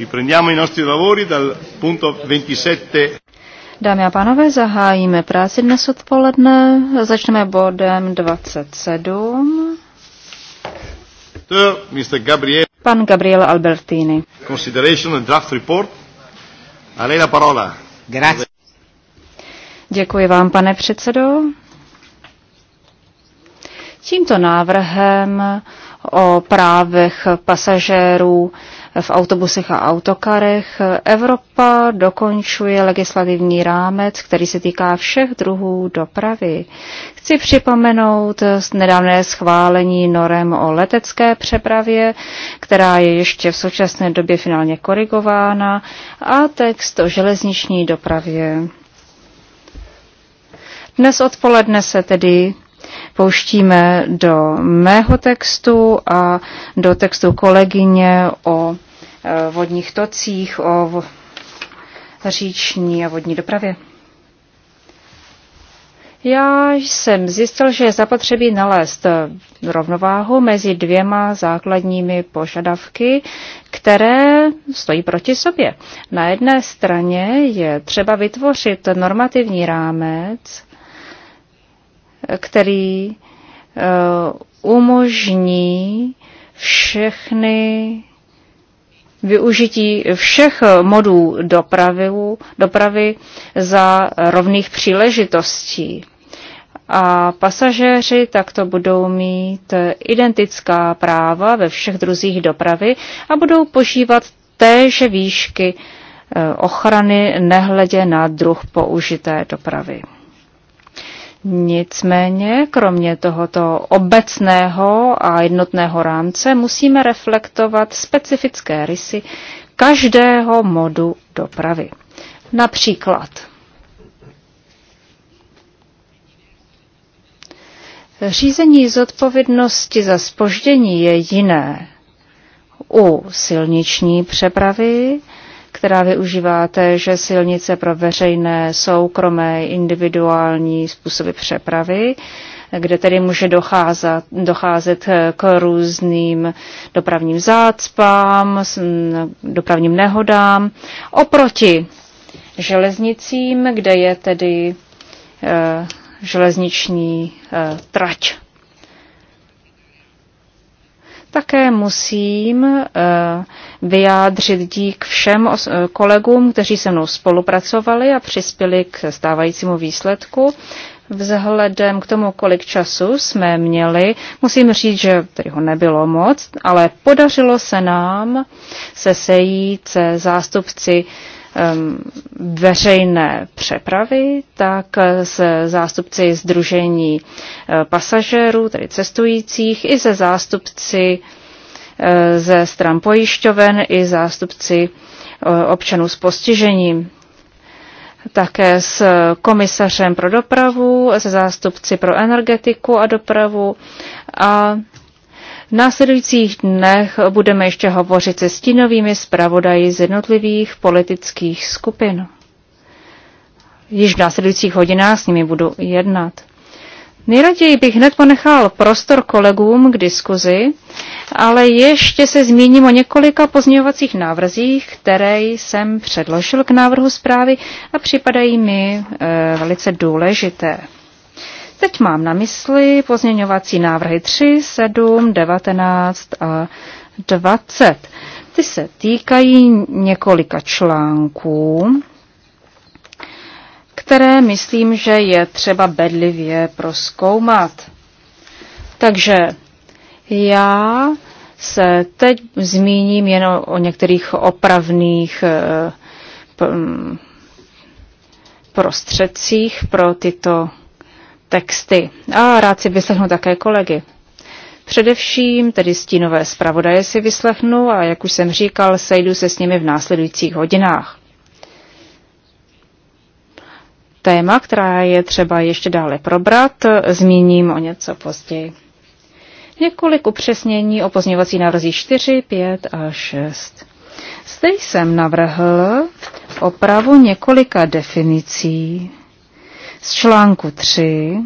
Riprendiamo i nostri lavori dal punto 27. Dámy a pánové, zahájíme práci dnes odpoledne. Začneme bodem 27. Mr. Gabriel. Pan Gabriele Albertini. Consideration and draft report. A lei la parola. Grazie. Děkuji vám, pane předsedo. Tímto návrhem o právech pasažérů v autobusech a autokarech. Evropa dokončuje legislativní rámec, který se týká všech druhů dopravy. Chci připomenout nedávné schválení norem o letecké přepravě, která je ještě v současné době finálně korigována, a text o železniční dopravě. Dnes odpoledne se tedy pouštíme do mého textu a do textu kolegyně o e, vodních tocích, o říční a vodní dopravě. Já jsem zjistil, že je zapotřebí nalézt rovnováhu mezi dvěma základními požadavky, které stojí proti sobě. Na jedné straně je třeba vytvořit normativní rámec, který eh, umožní všechny využití všech modů dopravy, dopravy za rovných příležitostí. A pasažéři takto budou mít identická práva ve všech druzích dopravy a budou požívat téže výšky eh, ochrany nehledě na druh použité dopravy. Nicméně, kromě tohoto obecného a jednotného rámce, musíme reflektovat specifické rysy každého modu dopravy. Například řízení zodpovědnosti za spoždění je jiné u silniční přepravy která využíváte, že silnice pro veřejné, soukromé, individuální způsoby přepravy, kde tedy může docházet, docházet k různým dopravním zácpám, dopravním nehodám, oproti železnicím, kde je tedy eh, železniční eh, trať. Také musím eh, vyjádřit dík všem eh, kolegům, kteří se mnou spolupracovali a přispěli k stávajícímu výsledku. Vzhledem k tomu, kolik času jsme měli, musím říct, že tady ho nebylo moc, ale podařilo se nám se sejít se zástupci veřejné přepravy, tak se zástupci Združení e, pasažérů, tedy cestujících, i se zástupci e, ze stran pojišťoven, i zástupci e, občanů s postižením. Také s komisařem pro dopravu, se zástupci pro energetiku a dopravu a v následujících dnech budeme ještě hovořit se stínovými zpravodaji z jednotlivých politických skupin. Již v následujících hodinách s nimi budu jednat. Nejraději bych hned ponechal prostor kolegům k diskuzi, ale ještě se zmíním o několika pozměňovacích návrzích, které jsem předložil k návrhu zprávy a připadají mi e, velice důležité. Teď mám na mysli pozměňovací návrhy 3, 7, 19 a 20. Ty se týkají několika článků, které myslím, že je třeba bedlivě proskoumat. Takže já se teď zmíním jen o některých opravných eh, mm, prostředcích pro tyto texty. A rád si vyslechnu také kolegy. Především tedy stínové zpravodaje si vyslechnu a jak už jsem říkal, sejdu se s nimi v následujících hodinách. Téma, která je třeba ještě dále probrat, zmíním o něco později. Několik upřesnění o pozměňovací návrzí 4, 5 a 6. Zde jsem navrhl opravu několika definicí z článku 3.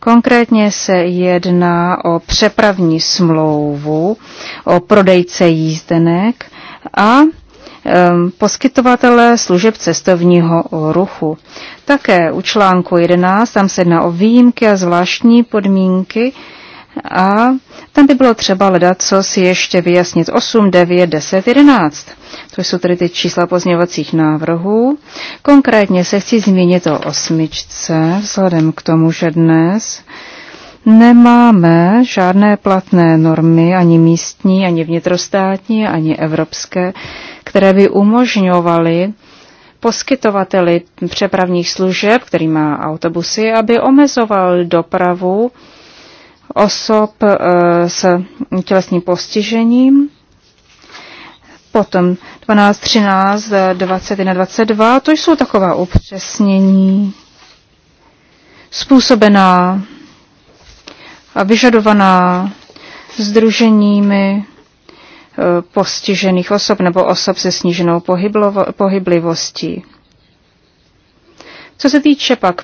Konkrétně se jedná o přepravní smlouvu, o prodejce jízdenek a poskytovatele služeb cestovního ruchu. Také u článku 11 tam se jedná o výjimky a zvláštní podmínky, a tam by bylo třeba hledat, co si ještě vyjasnit 8, 9, 10, 11. To jsou tedy ty čísla pozměňovacích návrhů. Konkrétně se chci zmínit o osmičce, vzhledem k tomu, že dnes nemáme žádné platné normy, ani místní, ani vnitrostátní, ani evropské, které by umožňovaly poskytovateli přepravních služeb, který má autobusy, aby omezoval dopravu osob e, s tělesným postižením. Potom 12, 13, 21, 22, to jsou taková upřesnění způsobená a vyžadovaná združeními e, postižených osob nebo osob se sníženou pohyblivostí. Co se týče pak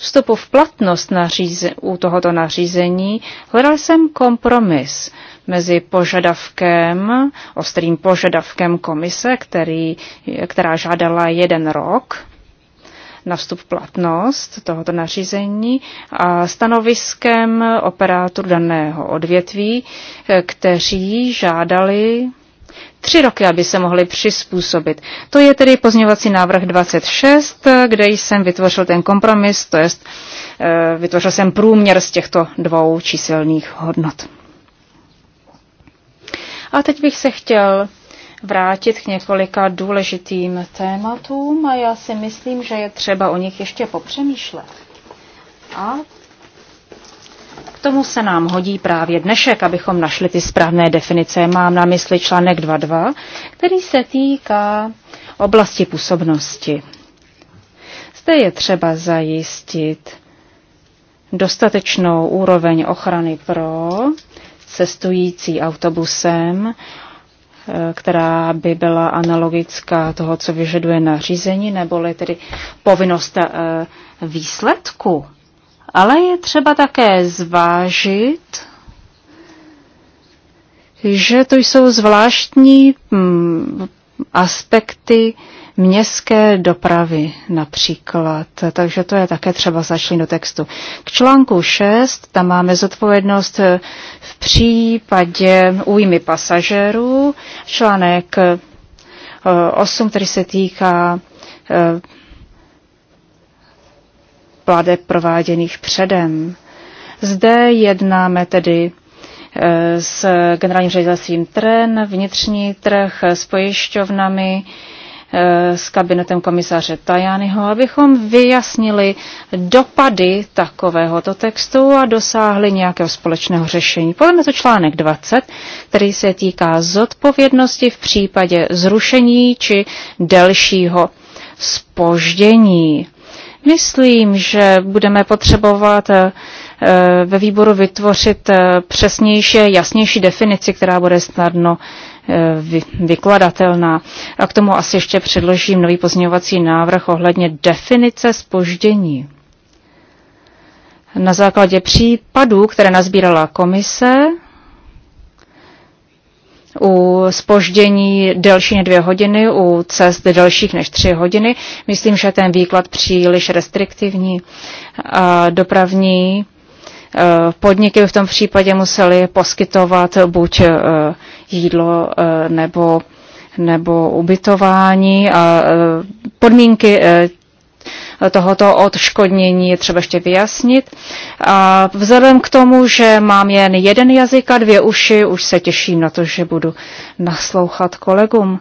vstupu v platnost naříze, u tohoto nařízení hledal jsem kompromis mezi požadavkem, ostrým požadavkem komise, který, která žádala jeden rok na vstup platnost tohoto nařízení a stanoviskem operátorů daného odvětví, kteří žádali tři roky, aby se mohli přizpůsobit. To je tedy pozměňovací návrh 26, kde jsem vytvořil ten kompromis, to jest eh, vytvořil jsem průměr z těchto dvou číselných hodnot. A teď bych se chtěl vrátit k několika důležitým tématům a já si myslím, že je třeba o nich ještě popřemýšlet. A k tomu se nám hodí právě dnešek, abychom našli ty správné definice. Mám na mysli článek 2.2, který se týká oblasti působnosti. Zde je třeba zajistit dostatečnou úroveň ochrany pro cestující autobusem, eh, která by byla analogická toho, co vyžaduje nařízení, neboli tedy povinnost eh, výsledku ale je třeba také zvážit, že to jsou zvláštní mm, aspekty městské dopravy například. Takže to je také třeba začlenit do textu. K článku 6, tam máme zodpovědnost v případě újmy pasažérů. Článek 8, eh, který se týká eh, plateb prováděných předem. Zde jednáme tedy e, s generálním ředitelstvím TREN, vnitřní trh, s pojišťovnami, e, s kabinetem komisaře Tajányho, abychom vyjasnili dopady takovéhoto textu a dosáhli nějakého společného řešení. Podle mě to článek 20, který se týká zodpovědnosti v případě zrušení či delšího spoždění. Myslím, že budeme potřebovat eh, eh, ve výboru vytvořit eh, přesnější, jasnější definici, která bude snadno vykladatelná. A k tomu asi ještě předložím nový pozměňovací návrh ohledně definice spoždění. Na základě případů, které nazbírala komise, u spoždění delší než dvě hodiny, u cest delších než tři hodiny. Myslím, že ten výklad příliš restriktivní. A dopravní e, podniky v tom případě museli poskytovat buď e, jídlo e, nebo, nebo ubytování a podmínky tohoto odškodnění je třeba ještě vyjasnit. A vzhledem k tomu, že mám jen jeden jazyk a dvě uši, už se těším na to, že budu naslouchat kolegům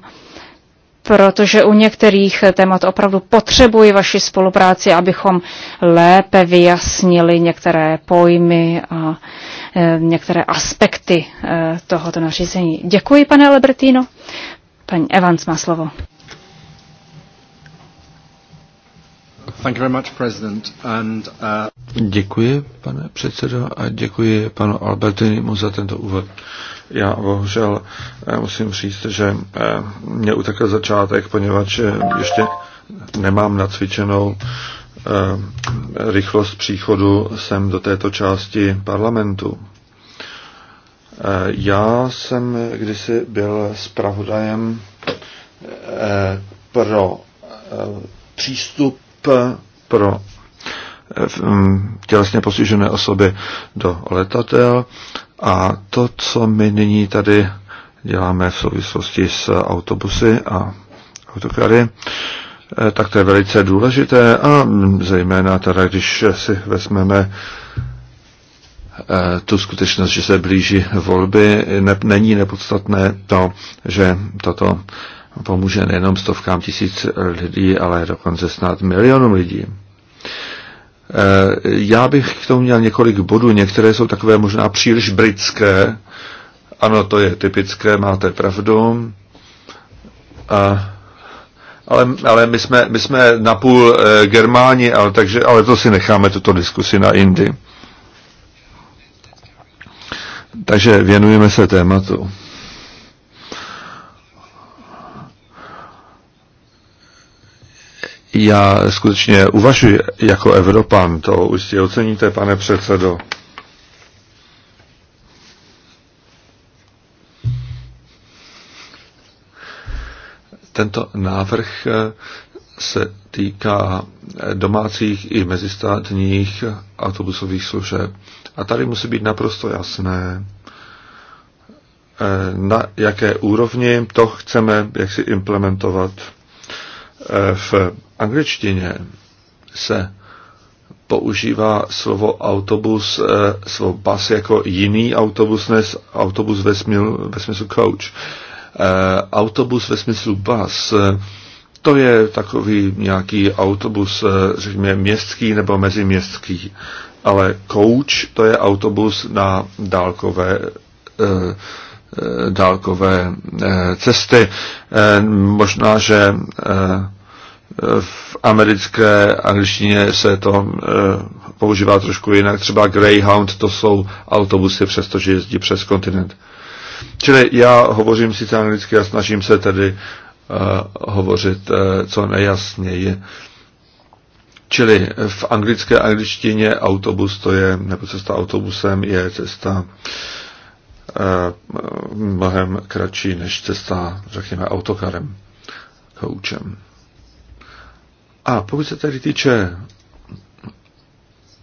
protože u některých témat opravdu potřebuji vaši spolupráci, abychom lépe vyjasnili některé pojmy a e, některé aspekty e, tohoto nařízení. Děkuji, pane Lebertino. Paní Evans má slovo. Uh, děkuji, pane předsedo, a děkuji panu Albertinimu za tento úvod. Já bohužel eh, musím říct, že eh, mě utekl začátek, poněvadž eh, ještě nemám nacvičenou rychlost příchodu sem do této části parlamentu. Já jsem kdysi byl zpravodajem pro přístup pro eh, mm, tělesně postižené osoby do letatel a to, co my nyní tady děláme v souvislosti s autobusy a autokary, eh, tak to je velice důležité a zejména teda, když si vezmeme eh, tu skutečnost, že se blíží volby, ne, není nepodstatné to, že tato pomůže nejenom stovkám tisíc lidí, ale dokonce snad milionům lidí. Eh, já bych k tomu měl několik bodů. Některé jsou takové možná příliš britské. Ano, to je typické, máte pravdu. A, eh, ale, ale my, jsme, my jsme napůl eh, Germáni, ale, takže, ale to si necháme, tuto diskusi na Indy. Takže věnujeme se tématu. já skutečně uvažuji jako Evropan, to už si oceníte, pane předsedo. Tento návrh eh, se týká domácích i mezistátních autobusových služeb. A tady musí být naprosto jasné, eh, na jaké úrovni to chceme jak si implementovat eh, v angličtině se používá slovo autobus, eh, slovo bus jako jiný autobus, než autobus ve, smil, ve smyslu coach. Eh, autobus ve smyslu bus, eh, to je takový nějaký autobus, řekněme, městský nebo meziměstský. Ale coach, to je autobus na dálkové dálkové cesty. Možná, že v americké angličtině se to eh, používá trošku jinak. Třeba Greyhound to jsou autobusy, přestože jezdí přes kontinent. Čili já hovořím sice anglicky a snažím se tedy uh, hovořit uh, co nejasněji. Čili v anglické angličtině autobus to je, nebo cesta autobusem je cesta uh, mnohem kratší než cesta, řekněme, autokarem, koučem. A pokud se tedy týče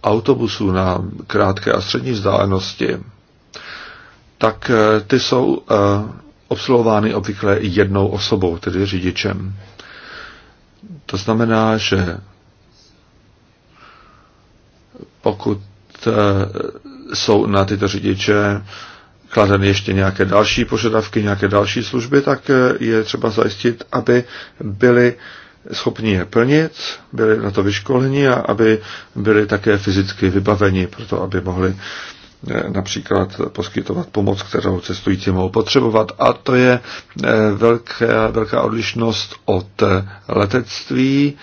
autobusů na krátké a střední vzdálenosti, tak eh, ty jsou eh, obsluhovány obvykle jednou osobou, tedy řidičem. To znamená, že pokud eh, jsou na tyto řidiče kladeny ještě nějaké další požadavky, nějaké další služby, tak je třeba zajistit, aby byly schopni je plnit, byli na to vyškoleni a aby byli také fyzicky vybaveni, proto aby mohli eh, například poskytovat pomoc, kterou cestující mohou potřebovat. A to je eh, velká, velká odlišnost od eh, letectví,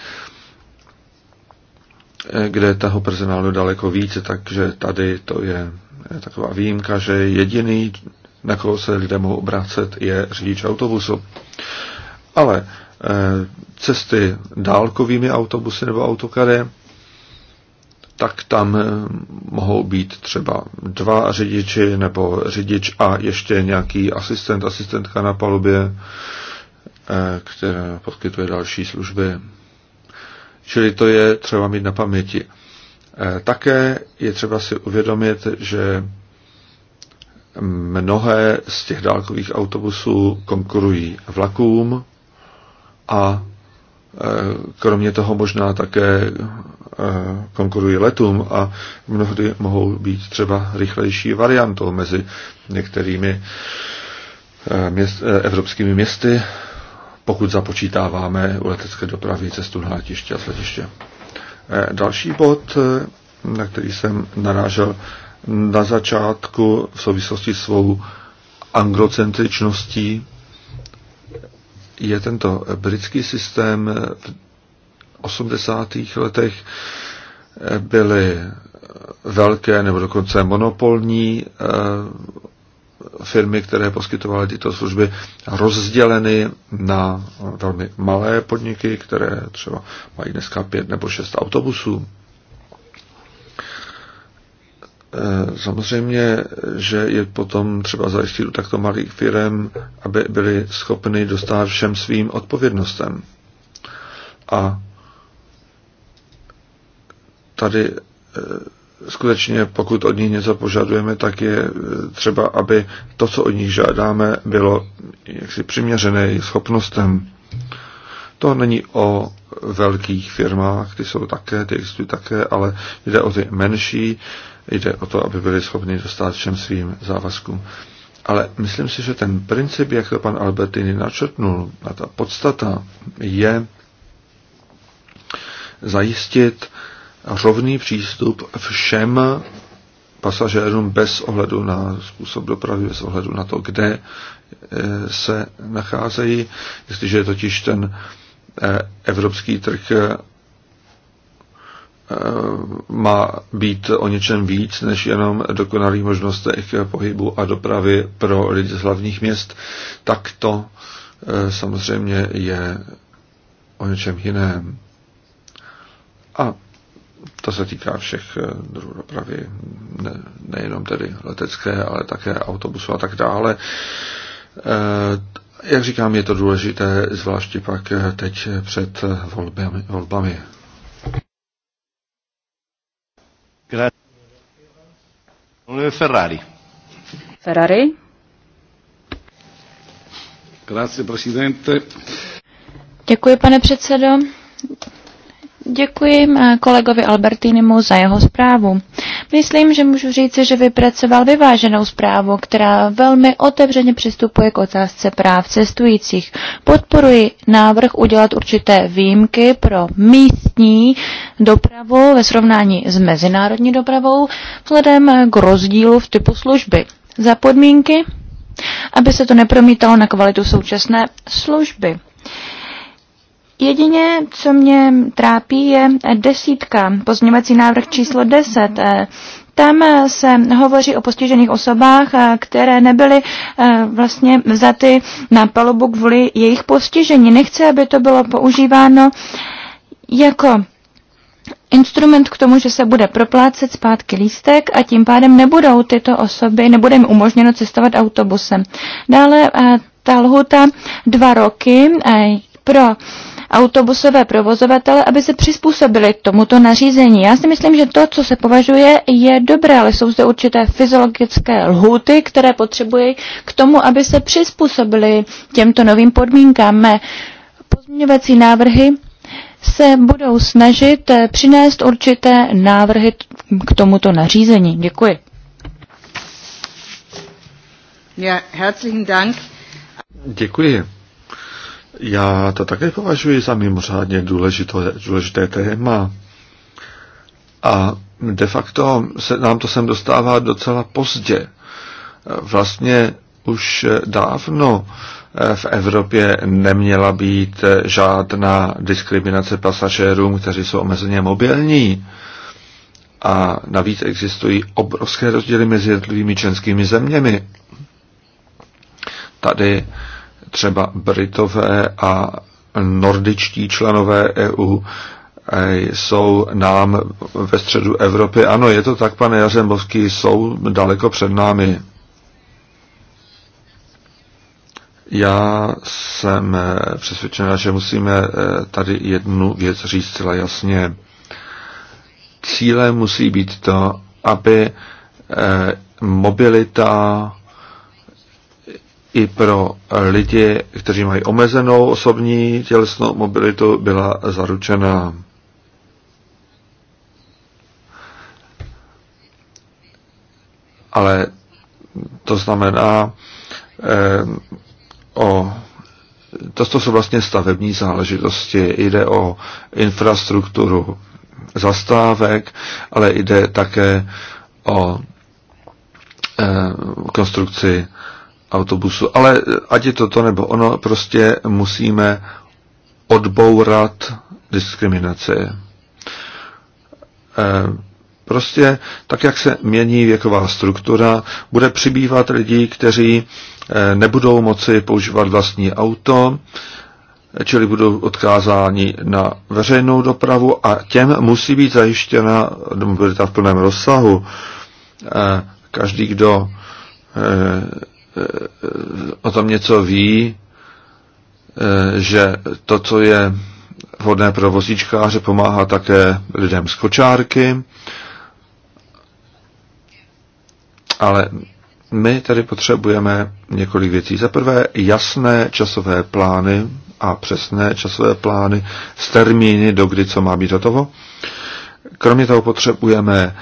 kde je toho personálu daleko více, takže tady to je taková výjimka, že jediný, na koho se lidé mohou obracet, je řidič autobusu. Ale Eh, cesty dálkovými autobusy nebo autokary, tak tam eh, mohou být třeba dva řidiči nebo řidič a ještě nějaký asistent, asistentka na palubě, eh, která poskytuje další služby. Čili to je třeba mít na paměti. Také je třeba si uvědomit, že mnohé z těch dálkových autobusů konkurují vlakům a e, kromě toho možná také e, konkurují letům a mnohdy mohou být třeba rychlejší variantou mezi některými e, měst, evropskými městy, pokud započítáváme u letecké dopravy cestu na letiště a z letiště. Další bod, na který jsem narážel na začátku v souvislosti s svou anglocentričností, je tento britský systém v 80. letech eh, byly velké nebo dokonce monopolní eh, firmy, které poskytovaly tyto služby, rozděleny na velmi malé podniky, které třeba mají dneska pět nebo šest autobusů. Eh, samozřejmě, že je potom třeba zajistit u takto malých firm, aby byli schopni dostat všem svým odpovědnostem. A tady eh, skutečně, pokud od nich něco požadujeme, tak je eh, třeba, aby to, co od nich žádáme, bylo jaksi přiměřené jejich schopnostem. To není o velkých firmách, ty jsou také, ty existují také, ale jde o ty menší, jde o to, aby byli schopni dostat všem svým závazkům. Ale myslím si, že ten princip, jak to pan Albertini načrtnul, a ta podstata je zajistit rovný přístup všem pasažérům bez ohledu na způsob dopravy, bez ohledu na to, kde eh, se nacházejí. Jestliže je totiž ten Eh, evropský trh eh, eh, má být o něčem víc než jenom dokonalých možnostech pohybu a dopravy pro lidi z hlavních měst, tak to samozřejmě je o něčem jiném. A to se týká všech druhů dopravy, ne, nejenom tedy letecké, ale také autobusu a tak dále jak říkám, je to důležité, zvláště pak eh, teď eh, před eh, volbami. volbami. Ferrari. Ferrari. Grazie, presidente. Děkuji, pane předsedo. Děkuji kolegovi Albertinimu za jeho zprávu. Myslím, že můžu říci, že vypracoval vyváženou zprávu, která velmi otevřeně přistupuje k otázce práv cestujících. Podporuji návrh udělat určité výjimky pro místní dopravu ve srovnání s mezinárodní dopravou vzhledem k rozdílu v typu služby. Za podmínky, aby se to nepromítalo na kvalitu současné služby. Jedině, co mě trápí, je desítka, pozměňovací návrh číslo 10. Eh, Tam se hovoří o postižených osobách, eh, které nebyly eh, vlastně vzaty na palubu kvůli jejich postižení. Nechce, aby to bylo používáno jako instrument k tomu, že se bude proplácet zpátky lístek a tím pádem nebudou tyto osoby, nebude jim umožněno cestovat autobusem. Dále ta lhuta dva roky pro autobusové provozovatele, aby se přizpůsobili tomuto nařízení. Já si myslím, že to, co se považuje, je dobré, ale jsou zde určité fyziologické lhuty, které potřebují k tomu, aby se přizpůsobili těmto novým podmínkám. Mé pozměňovací návrhy se budou snažit eh, přinést určité návrhy k tomuto nařízení. Děkuji. Ja, herzlichen Dank. Děkuji. Já to také považuji za mimořádně důležité, důležité téma. A de facto se nám to sem dostává docela pozdě. Vlastně už dávno eh, v Evropě neměla být eh, žádná diskriminace pasažérům, kteří jsou omezeně mobilní. A navíc existují obrovské rozdíly mezi jednotlivými členskými zeměmi. Tady třeba Britové a nordičtí členové EU eh, jsou nám ve středu Evropy. Ano, je to tak, pane Jařembovský, jsou daleko před námi. Já jsem eh, přesvědčen, že musíme eh, tady jednu věc říct zcela jasně. Cílem musí být to, aby mobilita i pro lidi, kteří mají omezenou osobní tělesnou mobilitu, byla zaručena. Ale to znamená, eh, o, to, to jsou vlastně stavební záležitosti. Jde o infrastrukturu zastávek, ale jde také o eh, konstrukci eh, autobusu. Ale ať je to to nebo ono, prostě musíme odbourat diskriminace. Eh, prostě tak, jak se mění věková struktura, bude přibývat lidí, kteří eh, nebudou moci používat vlastní auto, čili budou odkázáni na veřejnou dopravu a těm musí být zajištěna mobilita v plném rozsahu. Eh, každý, kdo o tom něco ví, eh, že to, co je vhodné pro vozíčkáře, pomáhá také lidem z kočárky, ale my tady potřebujeme několik věcí. Za prvé jasné časové plány a přesné časové plány s termíny, do kdy co má být hotovo. Kromě toho potřebujeme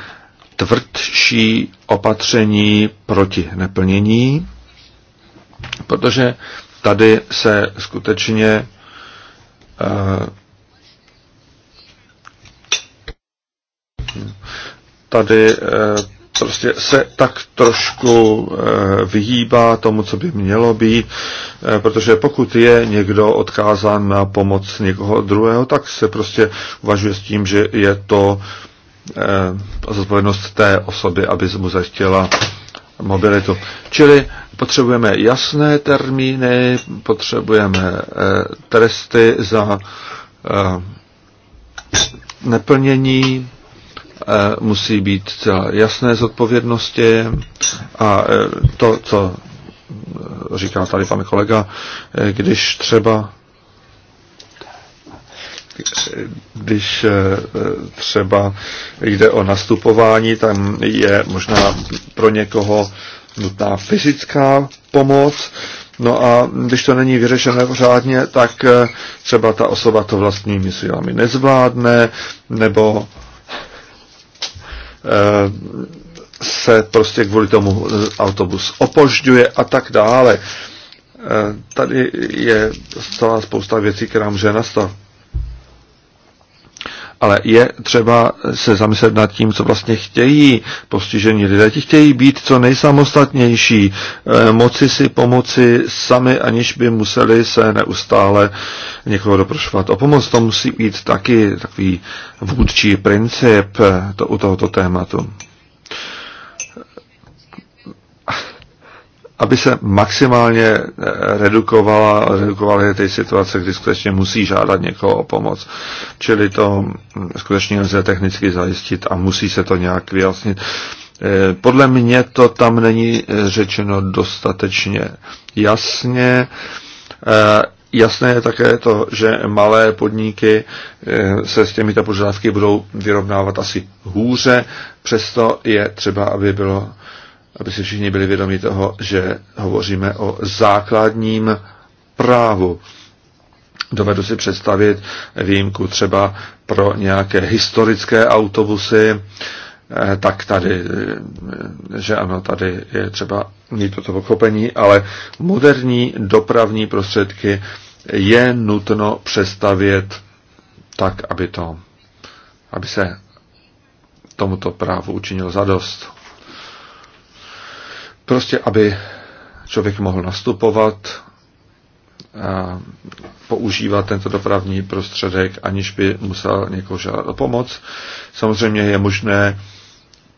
tvrdší opatření proti neplnění protože tady se skutečně eh, tady eh, prostě se tak trošku eh, vyhýbá tomu, co by mělo být, protože pokud je někdo odkázán na pomoc někoho druhého, tak se prostě uvažuje s tím, že je to zodpovědnost té osoby, aby mu zajistila mobilitu. Čili Potřebujeme jasné termíny, potřebujeme eh, tresty za eh, neplnění, eh, musí být celá jasné zodpovědnosti a to, co říká tady pan kolega, když třeba když třeba jde o nastupování, tam je možná pro někoho nutná no, fyzická pomoc, no a když to není vyřešené pořádně, tak eh, třeba ta osoba to vlastními silami nezvládne, nebo eh, se prostě kvůli tomu autobus opožďuje a tak dále. Eh, tady je celá spousta věcí, která může nastat ale je třeba se zamyslet nad tím, co vlastně chtějí postižení lidé. Ti chtějí být co nejsamostatnější, e, moci si pomoci sami, aniž by museli se neustále někoho doprošovat o pomoc. To musí být taky takový vůdčí princip e, to, u tohoto tématu. aby se maximálně eh, redukovala, redukovaly ty situace, kdy skutečně musí žádat někoho o pomoc. Čili to hm, skutečně lze technicky zajistit a musí se to nějak vyjasnit. Eh, podle mě to tam není eh, řečeno dostatečně jasně. Jasné je také to, že malé podniky se s těmito požadavky budou vyrovnávat asi hůře, přesto je třeba, aby bylo aby si všichni byli vědomi toho, že hovoříme o základním právu. Dovedu si představit výjimku třeba pro nějaké historické autobusy, eh, tak tady, eh, že ano, tady je třeba mít toto pochopení, ale moderní dopravní prostředky je nutno přestavět tak, aby to, aby se tomuto právu učinilo zadost. Prostě, aby člověk mohl nastupovat, a používat tento dopravní prostředek, aniž by musel někoho žádat o pomoc. Samozřejmě je možné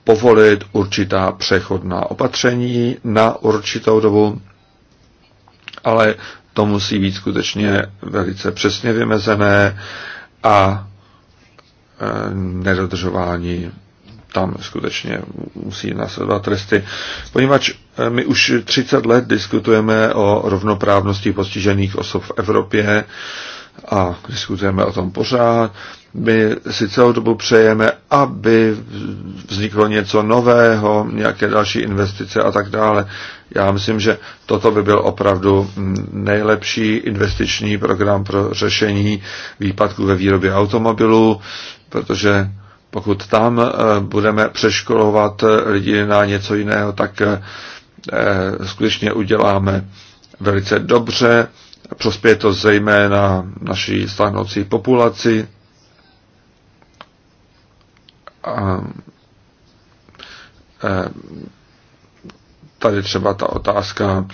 povolit určitá přechodná opatření na určitou dobu, ale to musí být skutečně velice přesně vymezené a e, nedodržování tam skutečně musí následovat tresty. Poněvadž eh, my už 30 let diskutujeme o rovnoprávnosti postižených osob v Evropě a diskutujeme o tom pořád. My si celou dobu přejeme, aby vzniklo něco nového, nějaké další investice a tak dále. Já myslím, že toto by byl opravdu nejlepší investiční program pro řešení výpadků ve výrobě automobilů, protože pokud tam eh, budeme přeškolovat eh, lidi na něco jiného, tak eh, skutečně uděláme velice dobře. Prospěje to zejména naší stáhnoucí populaci. tady třeba ta otázka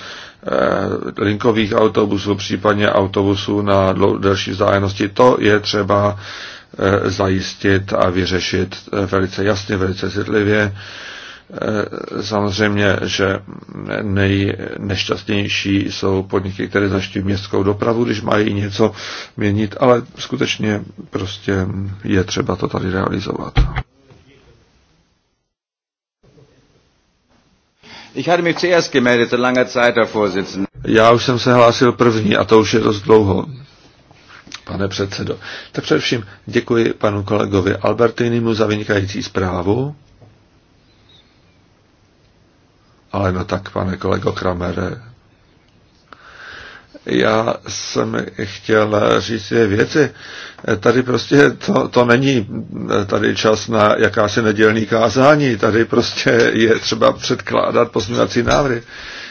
linkových autobusů, případně autobusů na delší vzdálenosti, to je třeba Eh, zajistit a vyřešit eh, velice jasně, velice citlivě. Eh, samozřejmě, že nejnešťastnější jsou podniky, které zaštívají městskou dopravu, když mají něco měnit, ale skutečně prostě je třeba to tady realizovat. Ich hatte mich zuerst gemeldet, Zeit, Já už jsem se hlásil první a to už je dost dlouho pane předsedo. Tak především děkuji panu kolegovi Albertinimu za vynikající zprávu. Ale no tak, pane kolego Kramere, já jsem chtěl říct dvě věci. Tady prostě to, to není tady čas na jakási nedělní kázání, tady prostě je třeba předkládat pozměňovací návrhy.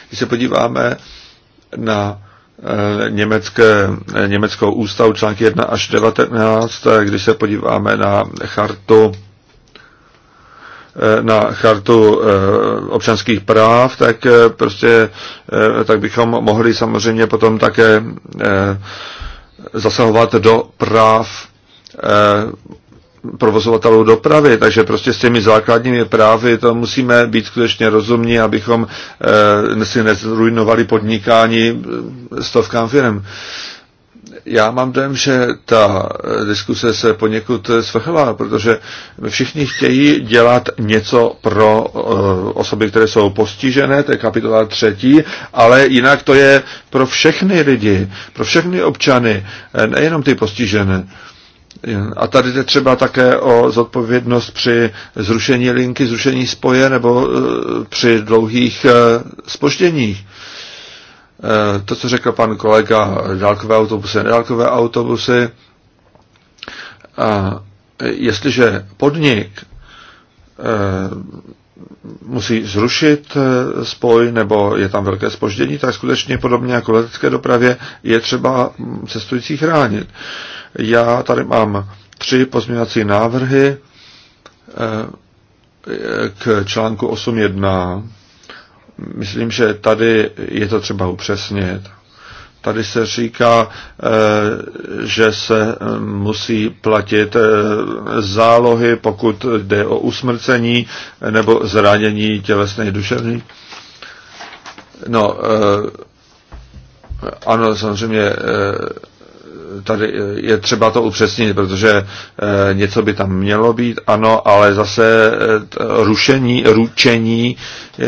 Když se podíváme na Eh, německé, eh, německou ústavu články 1 až 19, eh, když se podíváme na chartu na chartu občanských práv, tak prostě tak bychom mohli samozřejmě potom také zasahovat do práv provozovatelů dopravy, takže prostě s těmi základními právy to musíme být skutečně rozumní, abychom e, si nezrujnovali podnikání eh, stovkám firm. Já mám dojem, že ta eh, diskuse se poněkud svrchová, protože všichni chtějí dělat něco pro e, osoby, které jsou postižené, to je kapitola třetí, ale jinak to je pro všechny lidi, pro všechny občany, nejenom ty postižené. E, a tady jde třeba také o zodpovědnost při zrušení linky, zrušení spoje nebo e, při dlouhých spožděních. E, e, to, co řekl pan kolega, dálkové autobusy, nedálkové autobusy. A jestliže podnik musí zrušit spoj nebo je tam velké spoždění, tak skutečně podobně jako letecké dopravě je třeba cestující chránit. Já tady mám tři pozměňovací návrhy eh, k článku 8.1. Myslím, že tady je to třeba upřesnit. Tady se říká, eh, že se musí platit eh, zálohy, pokud jde o usmrcení nebo zranění tělesné duševní. No, ano, samozřejmě tady eh, je třeba to upřesnit, protože eh, něco by tam mělo být, ano, ale zase eh, rušení, ručení,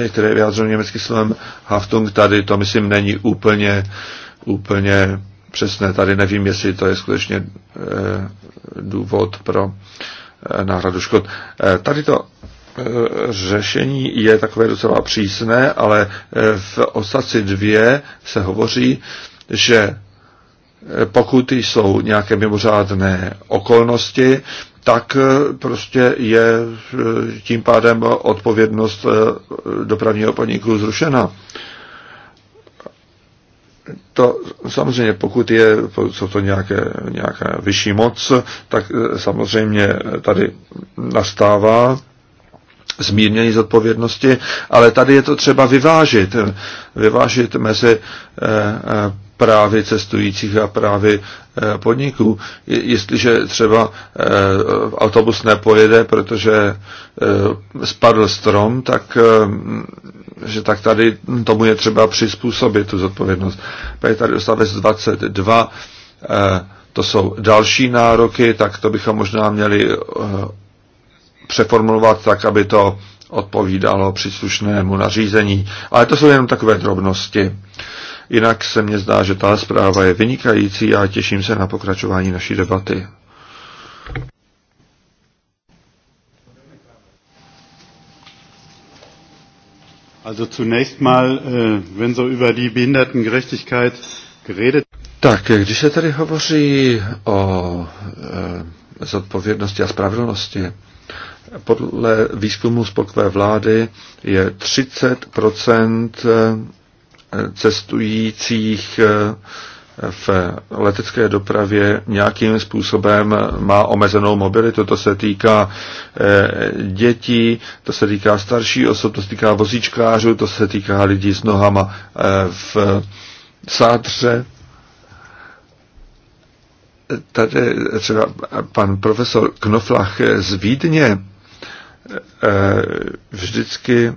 které je vyjádřeno německým slovem Haftung, tady to myslím není úplně, úplně přesné. Tady nevím, jestli to je skutečně důvod pro náhradu škod. Tady to řešení je takové docela přísné, ale v odstavci dvě se hovoří, že pokud jsou nějaké mimořádné okolnosti, tak eh, prostě je eh, tím pádem odpovědnost eh, dopravního podniku zrušena. To samozřejmě, pokud je, jsou to nějaké, nějaká vyšší moc, tak samozřejmě tady nastává zmírnění zodpovědnosti, ale tady je to třeba vyvážit. Vyvážit mezi právy cestujících a právy e, podniků. Jestliže třeba e, autobus nepojede, protože e, spadl strom, tak, že tak tady tomu je třeba přizpůsobit tu zodpovědnost. Pak je tady odstavec 22, to jsou další nároky, tak to bychom možná měli přeformulovat tak, aby to odpovídalo příslušnému nařízení. Ale to jsou jenom takové drobnosti. Jinak se mně zdá, že ta zpráva je vynikající a těším se na pokračování naší debaty. Also zunächst mal, äh, wenn so über die Behindertengerechtigkeit geredet. Tak, když se tady hovoří o e, zodpovědnosti a spravedlnosti, podle výzkumu spolkové vlády je 30 cestujících eh, v letecké dopravě nějakým způsobem má omezenou mobilitu. To se týká eh, dětí, to se týká starší osob, to se týká vozíčkářů, to se týká lidí s nohama eh, v sádře. Tady třeba pan profesor Knoflach z Vídně vždycky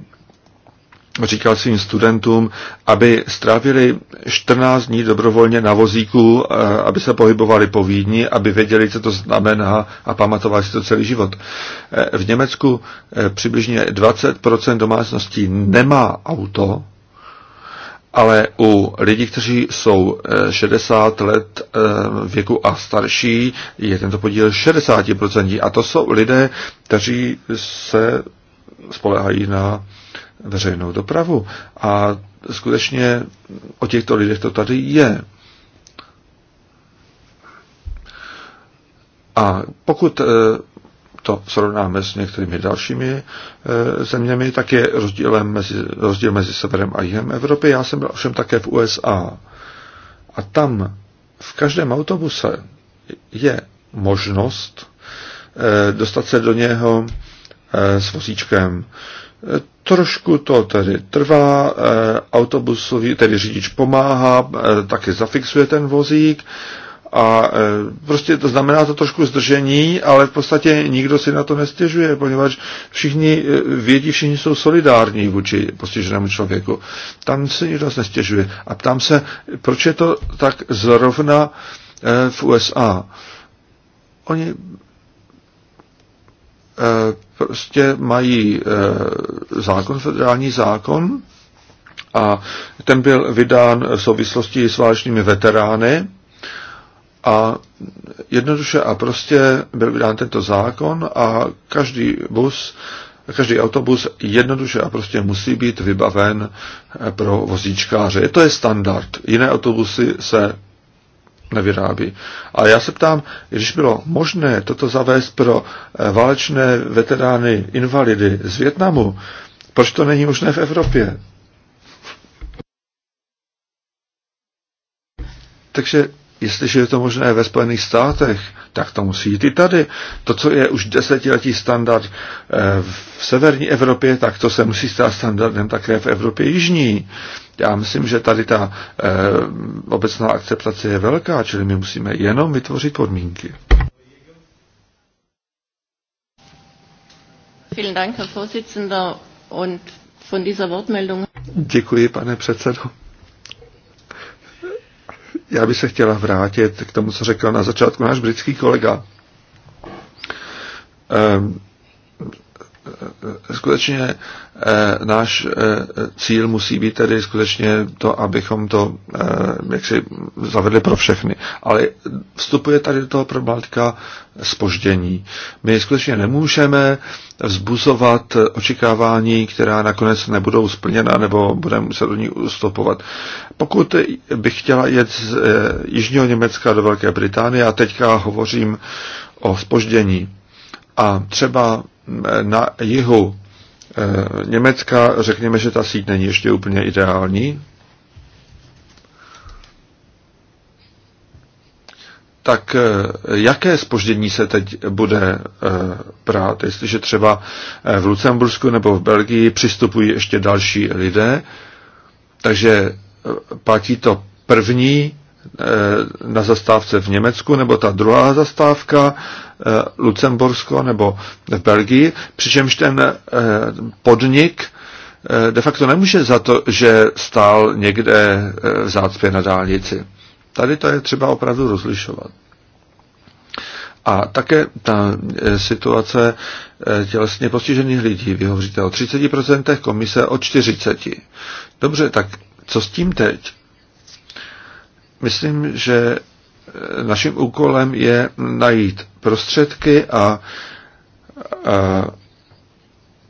říkal svým studentům, aby strávili 14 dní dobrovolně na vozíku, eh, aby se pohybovali po Vídni, aby věděli, co to znamená a pamatovali si to celý život. Eh, v Německu eh, přibližně 20% domácností nemá auto, ale u lidí, kteří jsou 60 let věku a starší, je tento podíl 60%. A to jsou lidé, kteří se spolehají na veřejnou dopravu. A skutečně o těchto lidech to tady je. A pokud eh, to srovnáme s některými dalšími eh, zeměmi, tak je rozdílem mezi, rozdíl mezi severem a jihem Evropy. Já jsem byl ovšem také v USA. A tam v každém autobuse je možnost eh, dostat se do něho s vozíčkem. Trošku to tedy trvá, eh, autobusový, tedy řidič pomáhá, eh, taky zafixuje ten vozík a eh, prostě to znamená to trošku zdržení, ale v podstatě nikdo si na to nestěžuje, poněvadž všichni vědí, všichni jsou solidární vůči postiženému člověku. Tam se nikdo nestěžuje. A ptám se, proč je to tak zrovna v USA? Oni prostě mají eh, zákon, federální zákon, a ten byl vydán v souvislosti s vážnými veterány a jednoduše a prostě byl vydán tento zákon a každý bus, každý autobus jednoduše a prostě musí být vybaven eh, pro vozíčkáře. To je standard. Jiné autobusy se nevyrábí. A já se ptám, když bylo možné toto zavést pro eh, válečné veterány, invalidy z Větnamu, proč to není možné v Evropě? Takže jestliže je to možné ve Spojených státech, tak to musí jít i tady. To, co je už desetiletí standard eh, v severní Evropě, tak to se musí stát standardem také v Evropě jižní. Já myslím, že tady ta e, obecná akceptace je velká, čili my musíme jenom vytvořit podmínky. Děkuji, pane předsedo. Já bych se chtěla vrátit k tomu, co řekl na začátku náš britský kolega. Um, skutečně eh, náš eh, cíl musí být tedy skutečně to, abychom to eh, jaksi zavedli pro všechny. Ale vstupuje tady do toho problematika spoždění. My skutečně nemůžeme vzbuzovat očekávání, která nakonec nebudou splněna nebo budeme muset do ní ustupovat. Pokud bych chtěla jet z Jižního Německa do Velké Británie, a teďka hovořím o spoždění, a třeba na jihu eh, Německa, řekněme, že ta síť není ještě úplně ideální, tak eh, jaké spoždění se teď bude brát? Eh, Jestliže třeba v Lucembursku nebo v Belgii přistupují ještě další lidé, takže platí to první na zastávce v Německu nebo ta druhá zastávka Eh, Lucembursko nebo v Belgii, přičemž ten eh, podnik eh, de facto nemůže za to, že stál někde v zácpě na dálnici. Tady to je třeba opravdu rozlišovat. A také ta situace tělesně postižených lidí, vy hovoříte o 30%, komise o 40%. Dobře, tak co s tím teď? Myslím, že naším úkolem je najít prostředky a, a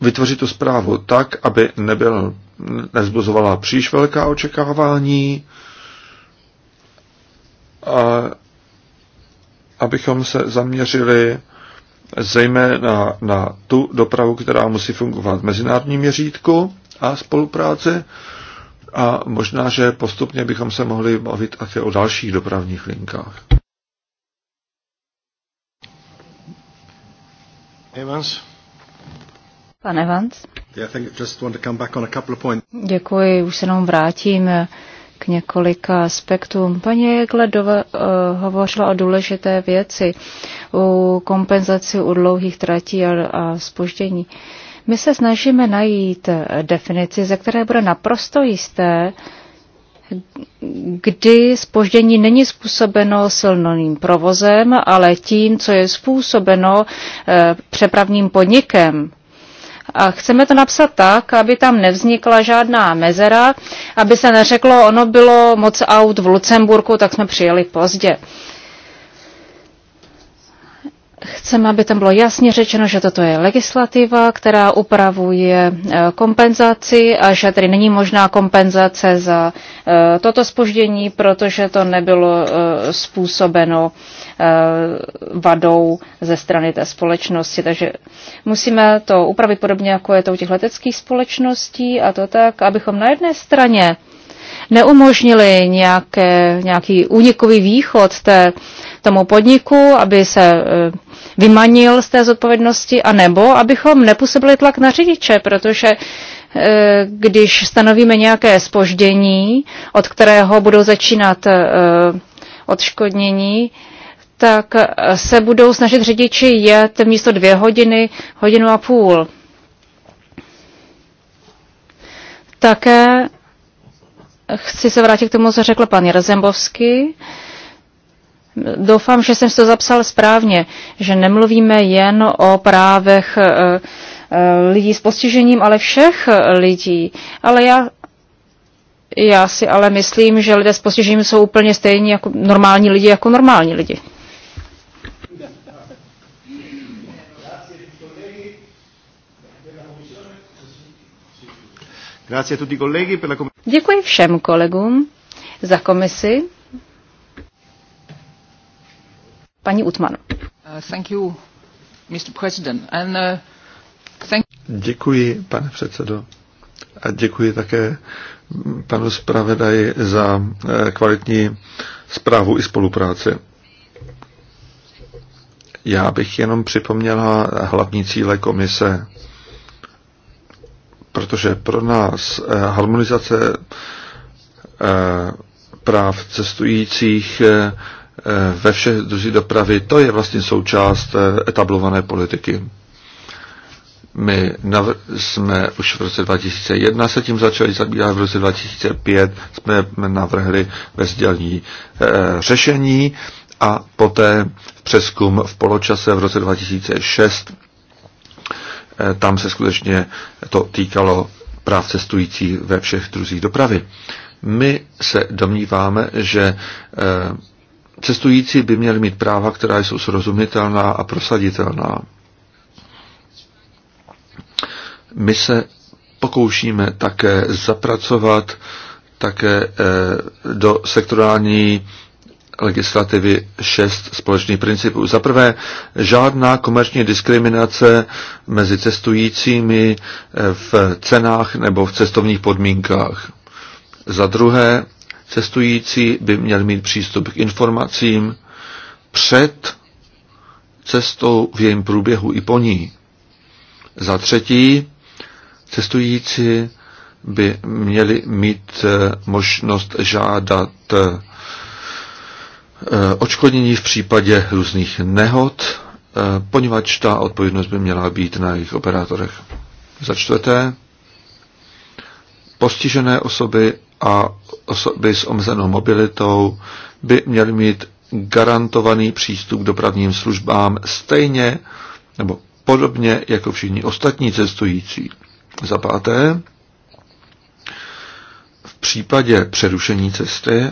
vytvořit tu zprávu tak, aby nebyl, nezbuzovala příliš velká očekávání a abychom se zaměřili zejména na tu dopravu, která musí fungovat v mezinárodním měřítku a spolupráci a možná, že postupně bychom se mohli bavit také o dalších dopravních linkách. Evans. Pan Evans. Děkuji, už se nám vrátím eh, k několika aspektům. Paní Jekle uh, eh, hovořila o důležité věci, o kompenzaci u dlouhých tratí a, a spoždění. Uh, my se snažíme najít eh, definici, ze které bude naprosto jisté, kdy spoždění není způsobeno silným provozem, ale tím, co je způsobeno eh, přepravním podnikem. A chceme to napsat tak, aby tam nevznikla žádná mezera, aby se neřeklo, ono bylo moc aut v Lucemburku, tak jsme přijeli pozdě. Chceme, aby tam bylo jasně řečeno, že toto je legislativa, která upravuje eh, kompenzaci a že tedy není možná kompenzace za eh, toto spoždění, protože to nebylo eh, způsobeno vadou ze strany té společnosti. Takže musíme to upravit podobně, jako je to u těch leteckých společností a to tak, abychom na jedné straně neumožnili nějaké, nějaký únikový východ té, tomu podniku, aby se vymanil z té zodpovědnosti, anebo abychom nepůsobili tlak na řidiče, protože eh, když stanovíme nějaké spoždění, od kterého budou začínat eh, odškodnění, tak eh, se budou snažit řidiči jet místo dvě hodiny, hodinu a půl. Také chci se vrátit k tomu, co řekl pan Jarzembovský. Doufám, že jsem si to zapsal správně, že nemluvíme jen o právech eh, eh, lidí s postižením, ale všech eh, lidí. Ale já, já si ale myslím, že lidé s postižením jsou úplně stejní jako normální lidi, jako normální lidi. Děkuji všem kolegům za komisi Paní Utman. Uh, uh, děkuji, pane předsedo. A děkuji také panu zpravedaji za uh, kvalitní zprávu i spolupráci. Já bych jenom připomněla hlavní cíle komise, protože pro nás harmonizace práv cestujících Eh, ve všech druzích dopravy, to je vlastně součást eh, etablované politiky. My jsme už v roce 2001 se tím začali zabývat, v roce 2005 jsme navrhli bezdělní e, řešení a poté v přeskum v poločase v roce 2006. E, tam se skutečně to týkalo práv cestující ve všech druzích dopravy. My se domníváme, že e, cestující by měli mít práva, která jsou srozumitelná a prosaditelná. My se pokoušíme také zapracovat také eh, do sektorální legislativy šest společných principů. Za prvé, žádná komerční diskriminace mezi cestujícími eh, v cenách nebo v cestovních podmínkách. Za druhé, Cestující by měl mít přístup k informacím před cestou v jejím průběhu i po ní. Za třetí, cestující by měli mít eh, možnost žádat eh, eh, očkodnění v případě různých nehod, poněvadž ta odpovědnost by měla být na jejich operátorech. Za čtvrté, postižené osoby a osoby s omezenou mobilitou by měly mít garantovaný přístup k dopravním službám stejně nebo podobně jako všichni ostatní cestující. Za páté, v případě přerušení cesty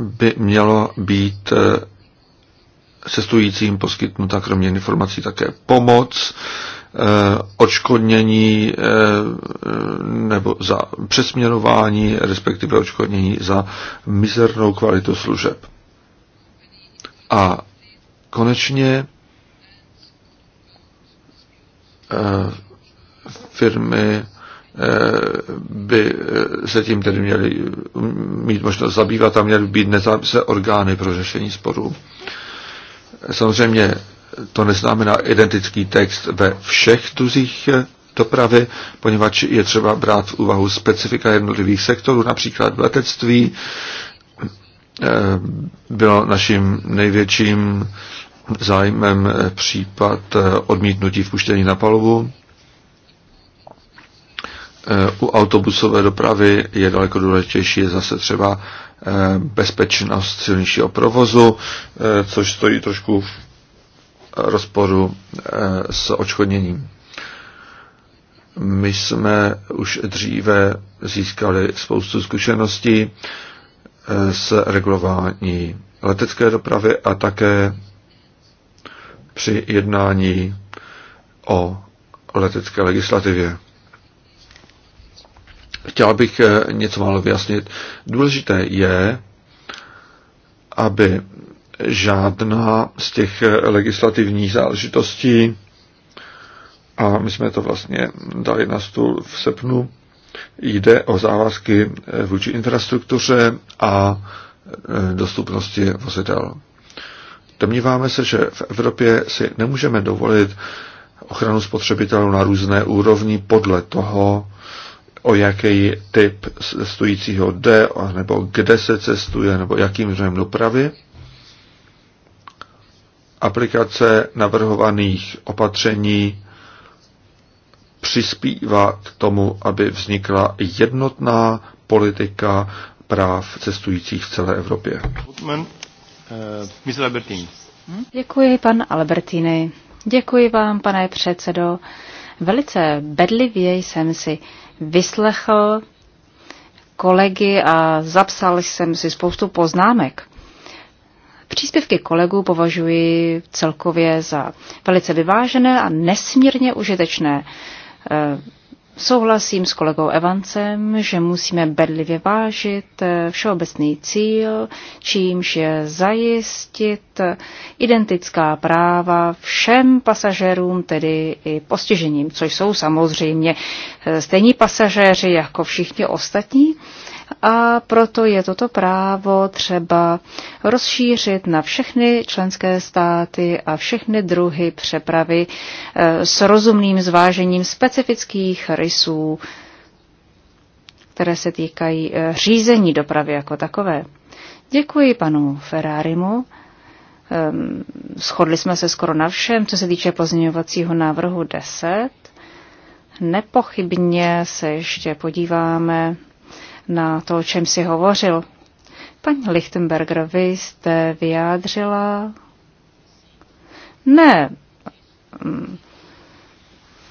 by mělo být eh, cestujícím poskytnuta kromě informací také pomoc, Eh, odškodnění eh, nebo za přesměrování, respektive odškodnění za mizernou kvalitu služeb. A konečně eh, firmy by se tím tedy měly mít možnost zabývat a měly být nezávislé orgány pro řešení sporů. Samozřejmě to neznamená identický text ve všech tuzích dopravy, poněvadž je třeba brát v úvahu specifika jednotlivých sektorů, například v letectví. Eh, bylo naším největším zájmem případ eh, odmítnutí vpuštění na palubu. Eh, u autobusové dopravy je daleko důležitější je zase třeba bezpečnost silnějšího provozu, což stojí trošku v rozporu eh, s očkodněním. My jsme už dříve získali spoustu zkušeností eh, s regulování letecké dopravy a také při jednání o letecké legislativě. Chtěl bych eh, něco málo vyjasnit. Důležité je, aby žádná z těch legislativních záležitostí a my jsme to vlastně dali na stůl v srpnu. Jde o závazky vůči infrastruktuře a e, dostupnosti vozidel. Domníváme se, že v Evropě si nemůžeme dovolit ochranu spotřebitelů na různé úrovni podle toho, o jaký typ cestujícího jde, nebo kde se cestuje, nebo jakým zdrojem dopravy aplikace navrhovaných opatření přispívá k tomu, aby vznikla jednotná politika práv cestujících v celé Evropě. Eh, hm? Děkuji, pan Albertini. Děkuji vám, pane předsedo. Velice bedlivě jsem si vyslechl kolegy a zapsal jsem si spoustu poznámek. Příspěvky kolegů považuji celkově za velice vyvážené a nesmírně užitečné. E, souhlasím s kolegou Evancem, že musíme bedlivě vážit e, všeobecný cíl, čímž je zajistit identická práva všem pasažerům, tedy i postižením, což jsou samozřejmě e, stejní pasažéři jako všichni ostatní a proto je toto právo třeba rozšířit na všechny členské státy a všechny druhy přepravy eh, s rozumným zvážením specifických rysů, které se týkají eh, řízení dopravy jako takové. Děkuji panu Ferrarimu. Ehm, shodli jsme se skoro na všem, co se týče pozměňovacího návrhu 10. Nepochybně se ještě podíváme na to, o čem si hovořil. Paní Lichtenberger, vy jste vyjádřila mm,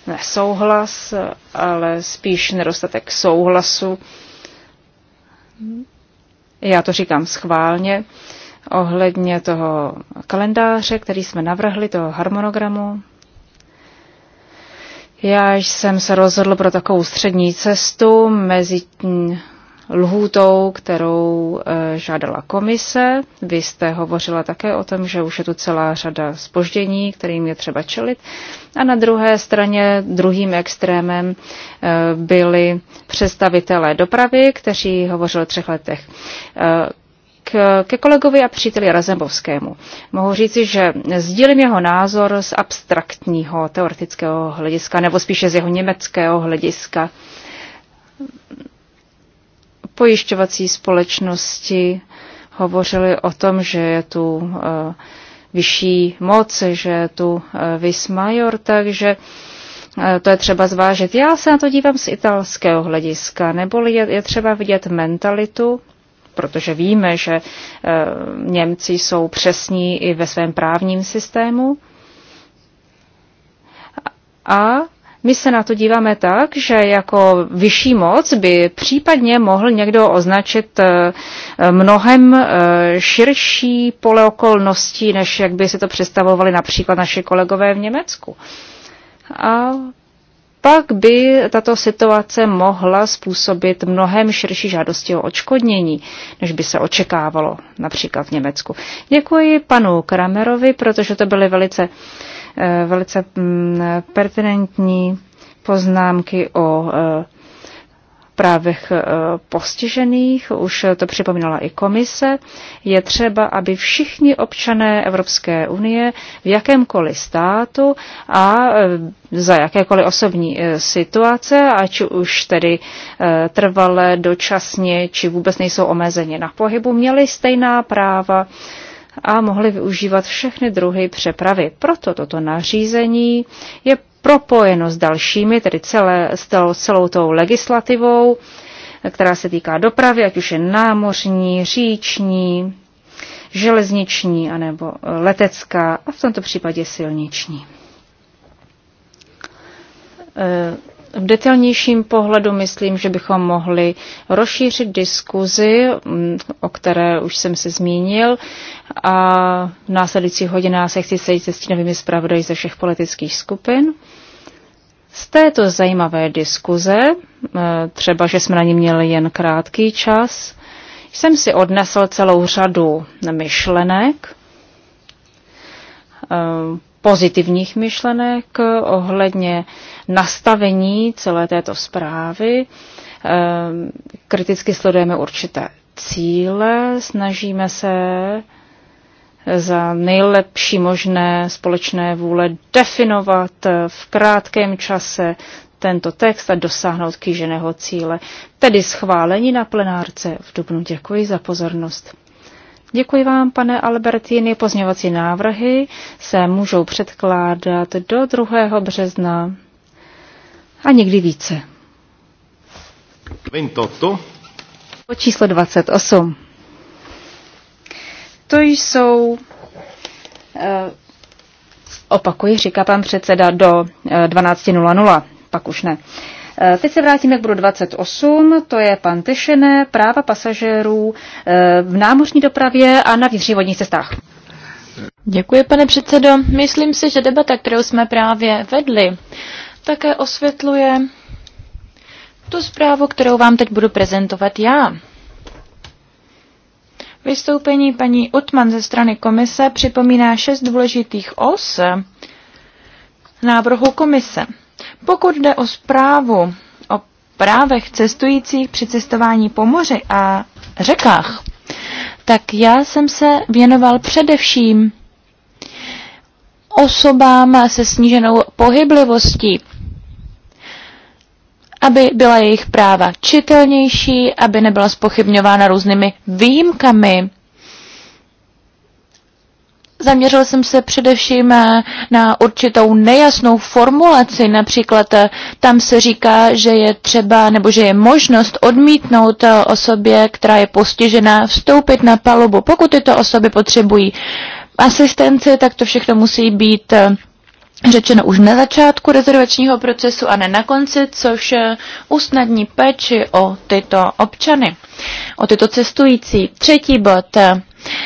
ne souhlas, ale spíš nedostatek souhlasu. Já to říkám schválně ohledně toho kalendáře, který jsme navrhli, toho harmonogramu. Já jsem se rozhodl pro takovou střední cestu mezi lhůtou, kterou eh, žádala komise. Vy jste hovořila také o tom, že už je tu celá řada spoždění, kterým je třeba čelit. A na druhé straně druhým extrémem eh, byli představitelé dopravy, kteří hovořili o třech letech. Eh, k, ke kolegovi a příteli Razembovskému. Mohu říci, že sdílím jeho názor z abstraktního teoretického hlediska, nebo spíše z jeho německého hlediska Pojišťovací společnosti hovořili o tom, že je tu eh, vyšší moc, že je tu eh, vis major, takže eh, to je třeba zvážit. Já se na to dívám z italského hlediska, neboli je, je třeba vidět mentalitu, protože víme, že Němci jsou přesní i ve svém právním systému. A my se na to díváme tak, že jako vyšší moc by případně mohl někdo označit eh, mnohem eh, širší pole okolností, než jak by si to představovali například naši kolegové v Německu. A pak by tato situace mohla způsobit mnohem širší žádosti o očkodnění, než by se očekávalo například v Německu. Děkuji panu Kramerovi, protože to byly velice Eh, velice mm, pertinentní poznámky o eh, právech eh, postižených, už to připomínala i komise, je třeba, aby všichni občané Evropské unie v jakémkoliv státu a za jakékoliv osobní situace, ať už tedy trvale, dočasně, či vůbec nejsou omezeni na pohybu, měli stejná práva a mohli využívat všechny druhy přepravy. Proto toto nařízení je propojeno s dalšími, tedy celé, celou tou legislativou, která se týká dopravy, ať už je námořní, říční, železniční anebo letecká a v tomto případě silniční. Eh, v detailnějším pohledu myslím, že bychom mohli rozšířit diskuzi, mm, o které už jsem se zmínil, a v následujících hodinách se chci sejít se stínovými zpravodaji ze všech politických skupin. Z této zajímavé diskuze, e, třeba že jsme na ní měli jen krátký čas, jsem si odnesl celou řadu myšlenek, e, pozitivních myšlenek ohledně nastavení celé této zprávy. Ehm, kriticky sledujeme určité cíle, snažíme se za nejlepší možné společné vůle definovat eh, v krátkém čase tento text a dosáhnout kýženého cíle, tedy schválení na plenárce v Dubnu. Děkuji za pozornost. Děkuji vám, pane Albertini. Pozměňovací návrhy se můžou předkládat do 2. března a někdy více. 28. Po číslo 28. To jsou, eh, opakuji, říká pan předseda, do 12.00, eh, pak už ne. Eh, teď se vrátíme k bodu 28, to je pan Tešené, práva pasažérů v námořní dopravě a na vnitřních cestách. Děkuji, pane předsedo. Myslím si, že debata, kterou jsme právě vedli, také osvětluje tu zprávu, kterou vám teď budu prezentovat já. Vystoupení paní Utman ze strany komise připomíná šest důležitých os návrhu komise. Pokud jde o zprávu o právech cestujících při cestování po moři a řekách, tak já jsem se věnoval především osobám se sníženou pohyblivostí aby byla jejich práva čitelnější, aby nebyla spochybňována různými výjimkami. Zaměřil jsem se především eh, na určitou nejasnou formulaci, například eh, tam se říká, že je třeba nebo že je možnost odmítnout eh, osobě, která je postižena, vstoupit na palubu. Pokud tyto osoby potřebují asistenci, tak to všechno musí být řečeno už na začátku rezervačního procesu a ne na konci, což eh, usnadní péči o tyto občany, o tyto cestující. Třetí bod. Eh,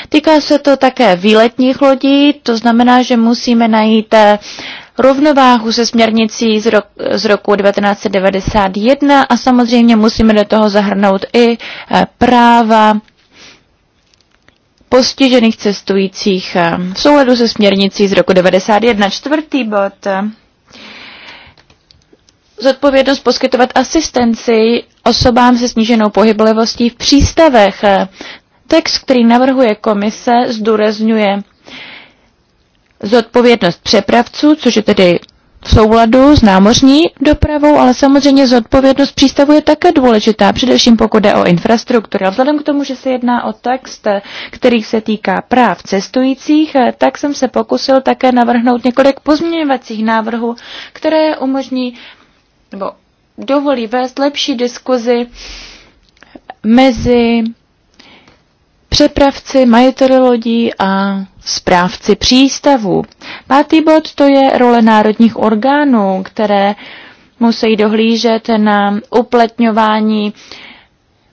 týká se to také výletních lodí, to znamená, že musíme najít eh, rovnováhu se směrnicí z, rok, z roku 1991 a samozřejmě musíme do toho zahrnout i práva postižených cestujících v souladu se směrnicí z roku 91. Čtvrtý bod. Zodpovědnost poskytovat asistenci osobám se sníženou pohyblivostí v přístavech. Text, který navrhuje komise, zdůrazňuje zodpovědnost přepravců, což je tedy v souladu s námořní dopravou, ale samozřejmě zodpovědnost přístavu je také důležitá, především pokud jde o infrastrukturu. A vzhledem k tomu, že se jedná o text, který se týká práv cestujících, tak jsem se pokusil také navrhnout několik pozměňovacích návrhů, které umožní nebo dovolí vést lepší diskuzi mezi přepravci, majiteli lodí a správci přístavu. Pátý bod to je role národních orgánů, které musí dohlížet na upletňování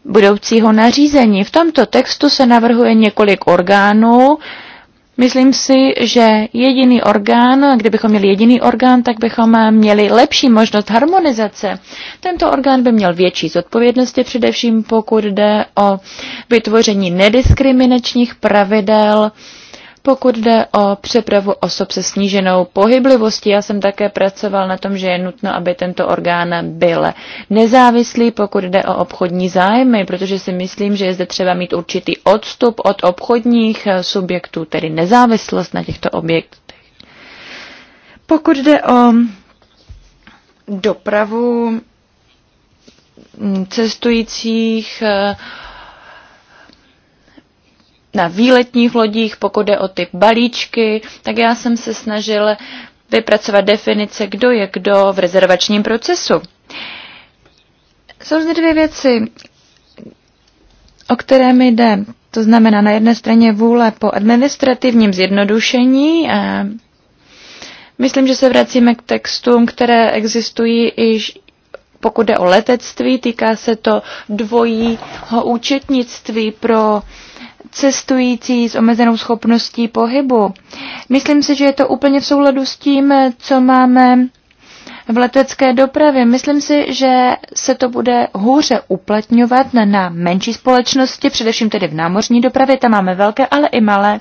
budoucího nařízení. V tomto textu se navrhuje několik orgánů. Myslím si, že jediný orgán, kdybychom měli jediný orgán, tak bychom měli lepší možnost harmonizace. Tento orgán by měl větší zodpovědnosti, především pokud jde o vytvoření nediskriminačních pravidel, pokud jde o přepravu osob se sníženou pohyblivostí, já jsem také pracoval na tom, že je nutno, aby tento orgán byl nezávislý, pokud jde o obchodní zájmy, protože si myslím, že je zde třeba mít určitý odstup od obchodních subjektů, tedy nezávislost na těchto objektech. Pokud jde o dopravu cestujících, na výletních lodích, pokud jde o ty balíčky, tak já jsem se snažil vypracovat definice, kdo je kdo v rezervačním procesu. Jsou zde dvě věci, o které mi jde. To znamená na jedné straně vůle po administrativním zjednodušení. A myslím, že se vracíme k textům, které existují již pokud jde o letectví, týká se to dvojího účetnictví pro cestující s omezenou schopností pohybu. Myslím si, že je to úplně v souladu s tím, co máme v letecké dopravě. Myslím si, že se to bude hůře uplatňovat na menší společnosti, především tedy v námořní dopravě, tam máme velké, ale i malé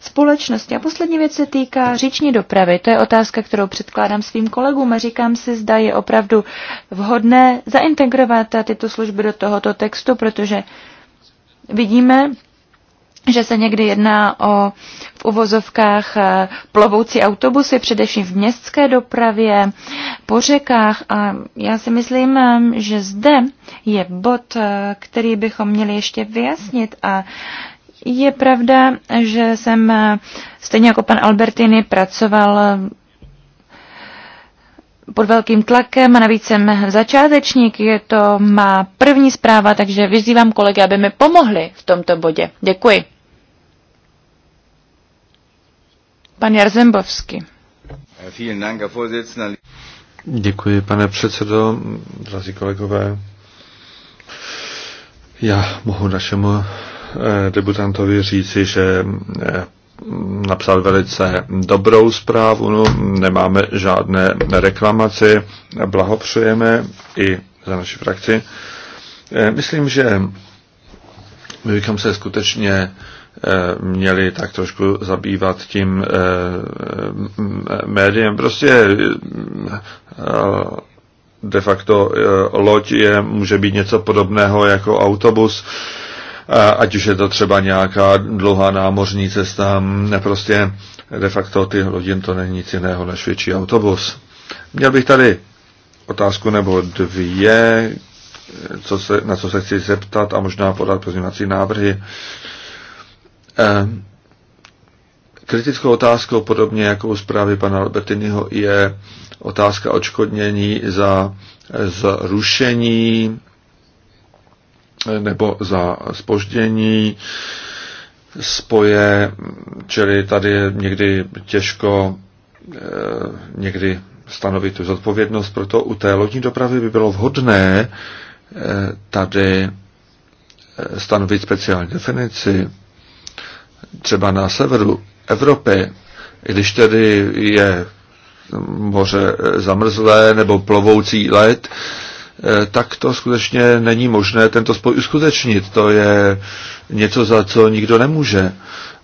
společnosti. A poslední věc se týká říční dopravy. To je otázka, kterou předkládám svým kolegům a říkám si, zda je opravdu vhodné zaintegrovat tyto služby do tohoto textu, protože vidíme, že se někdy jedná o v uvozovkách eh, plovoucí autobusy, především v městské dopravě, po řekách. A já si myslím, eh, že zde je bod, eh, který bychom měli ještě vyjasnit a je pravda, že jsem stejně jako pan Albertini pracoval pod velkým tlakem a navíc jsem začátečník, je to má první zpráva, takže vyzývám kolegy, aby mi pomohli v tomto bodě. Děkuji. Pan Jarzembovský. Děkuji, pane předsedo, drazí kolegové. Já mohu našemu eh, debutantovi říci, že eh, napsal velice dobrou zprávu, no, nemáme žádné reklamaci, blahopřejeme i za naši frakci. E, myslím, že my bychom se skutečně e, měli tak trošku zabývat tím e, médiem. Prostě de facto loď je, může být něco podobného jako autobus ať už je to třeba nějaká dlouhá námořní cesta, prostě de facto ty hodin to není nic jiného než větší autobus. Měl bych tady otázku nebo dvě, co se, na co se chci zeptat a možná podat pozměnací návrhy. Eh, kritickou otázkou, podobně jako u zprávy pana Albertiniho, je otázka očkodnění za zrušení nebo za spoždění spoje, čili tady je někdy těžko eh, někdy stanovit tu zodpovědnost, proto u té lodní dopravy by bylo vhodné eh, tady eh, stanovit speciální definici. Třeba na severu Evropy, když tedy je moře zamrzlé nebo plovoucí led, Eh, tak to skutečně není možné tento spoj uskutečnit. To je něco, za co nikdo nemůže.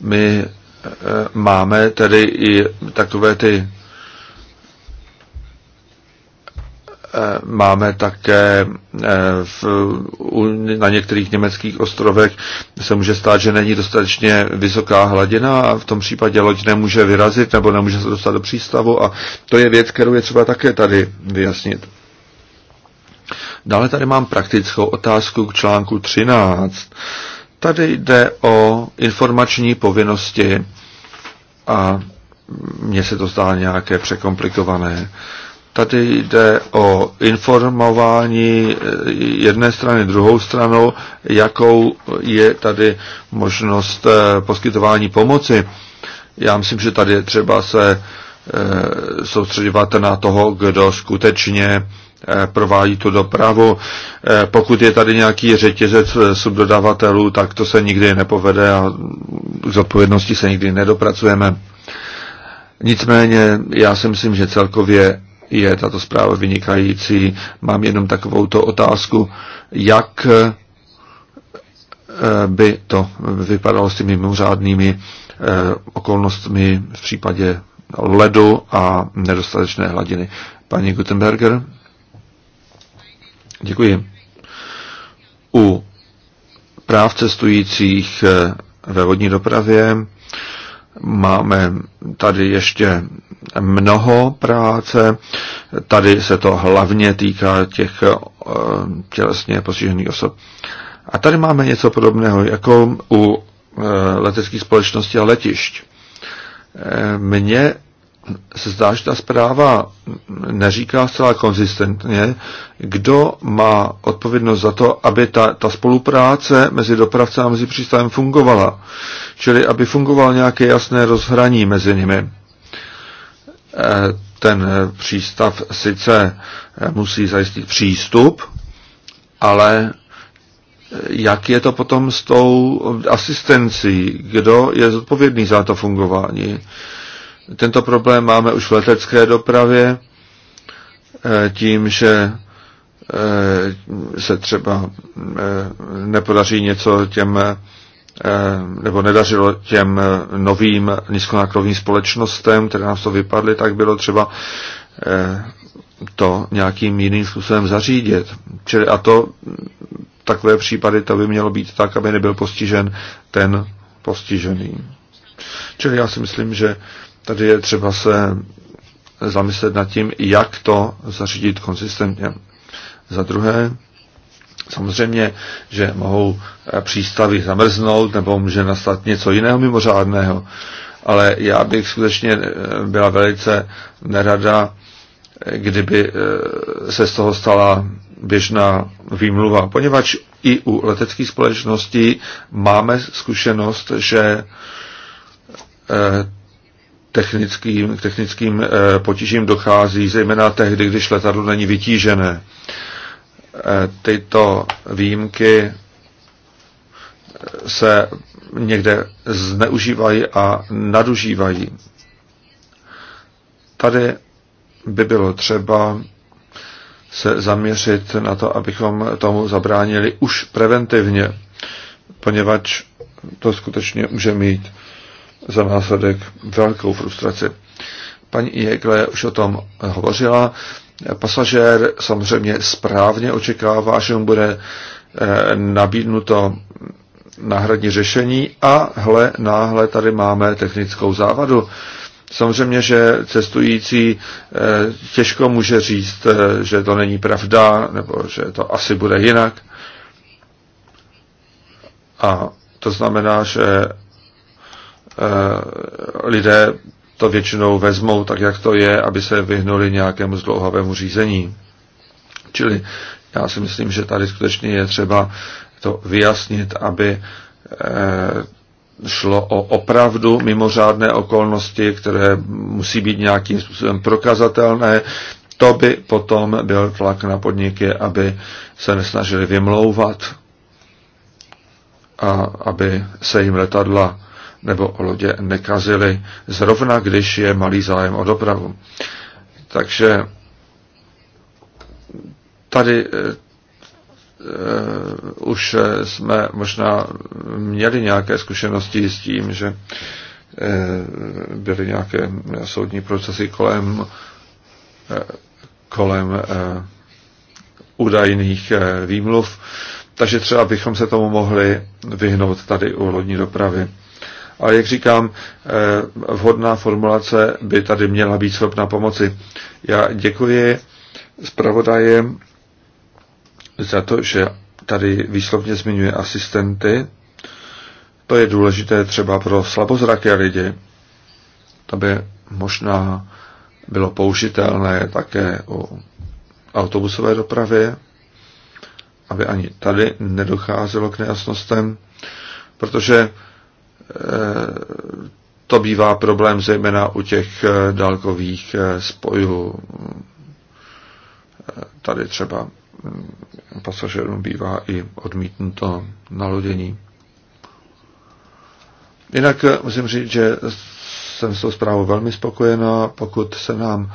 My eh, máme tedy i takové ty eh, máme také v, na některých německých ostrovech se může stát, že není dostatečně vysoká hladina a v tom případě loď nemůže vyrazit nebo nemůže se dostat do přístavu a to je věc, kterou je třeba také tady vyjasnit. Dále tady mám praktickou otázku k článku 13. Tady jde o informační povinnosti a mně se to zdá nějaké překomplikované. Tady jde o informování eh, jedné strany druhou stranou, jakou je tady možnost eh, poskytování pomoci. Já myslím, že tady je třeba se eh, soustředovat na toho, kdo skutečně Eh, provádí tu dopravu. Eh, pokud je tady nějaký řetězec eh, subdodavatelů, tak to se nikdy nepovede a z odpovědnosti se nikdy nedopracujeme. Nicméně já si myslím, že celkově je tato zpráva vynikající. Mám jenom to otázku, jak by to vypadalo s těmi mimořádnými okolnostmi v případě ledu a nedostatečné hladiny. Paní Gutenberger? Děkuji. U práv cestujících eh, ve vodní dopravě máme tady ještě mnoho práce. Tady se to hlavně týká těch eh, tělesně postižených osob. A tady máme něco podobného jako u eh, leteckých společností a letišť. Mně se zdá, že ta zpráva neříká zcela konzistentně, kdo má odpovědnost za to, aby ta, ta spolupráce mezi dopravcem a mezi přístavem fungovala. Čili aby fungoval nějaké jasné rozhraní mezi nimi. E, ten přístav sice e, musí zajistit přístup, ale e, jak je to potom s tou asistencí, kdo je zodpovědný za to fungování tento problém máme už v letecké dopravě, eh, tím, že eh, se třeba eh, nepodaří něco těm, nebo nedařilo těm novým nízkonákladovým společnostem, které nám to vypadly, tak bylo třeba to nějakým jiným způsobem zařídit. Čili a to takové případy, to by mělo být tak, aby nebyl postižen ten postižený. Čili já si myslím, že Tady je třeba se zamyslet nad tím, jak to zařídit konsistentně. Za druhé, samozřejmě, že mohou přístavy zamrznout nebo může nastat něco jiného mimořádného, ale já bych skutečně eh, byla velice nerada, kdyby eh, se z toho stala běžná výmluva, poněvadž i u leteckých společností máme zkušenost, že eh, technickým, k technickým eh, potížím dochází, zejména tehdy, když letadlo není vytížené. Eh, tyto výjimky eh, se někde zneužívají a nadužívají. Tady by bylo třeba se zaměřit na to, abychom tomu zabránili už preventivně, poněvadž to skutečně může mít za následek velkou frustraci. Paní Jekle už o tom hovořila. Pasažér samozřejmě správně očekává, že mu bude eh, nabídnuto náhradní řešení a hle, náhle tady máme technickou závadu. Samozřejmě, že cestující eh, těžko může říct, eh, že to není pravda, nebo že to asi bude jinak. A to znamená, že Eh, lidé to většinou vezmou tak, jak to je, aby se vyhnuli nějakému zdlouhavému řízení. Čili já si myslím, že tady skutečně je třeba to vyjasnit, aby eh, šlo o opravdu mimořádné okolnosti, které musí být nějakým způsobem prokazatelné. To by potom byl tlak na podniky, aby se nesnažili vymlouvat a aby se jim letadla nebo lodě nekazily, zrovna když je malý zájem o dopravu. Takže tady eh, eh, už eh, jsme možná měli nějaké zkušenosti s tím, že byly nějaké soudní procesy kolem, kolem údajných výmluv. Takže třeba bychom se tomu mohli vyhnout tady u lodní dopravy. Ale jak říkám, eh, vhodná formulace by tady měla být schopna pomoci. Já děkuji zpravodajem za to, že tady výslovně zmiňuje asistenty. To je důležité třeba pro slabozraké lidi. To by možná bylo použitelné také u autobusové dopravy, aby ani tady nedocházelo k nejasnostem, protože Eh, to bývá problém zejména u těch eh, dálkových eh, spojů. Tady třeba mm, pasažerům bývá i odmítnuto nalodění. Jinak musím říct, že jsem s tou zprávou velmi spokojená, pokud se nám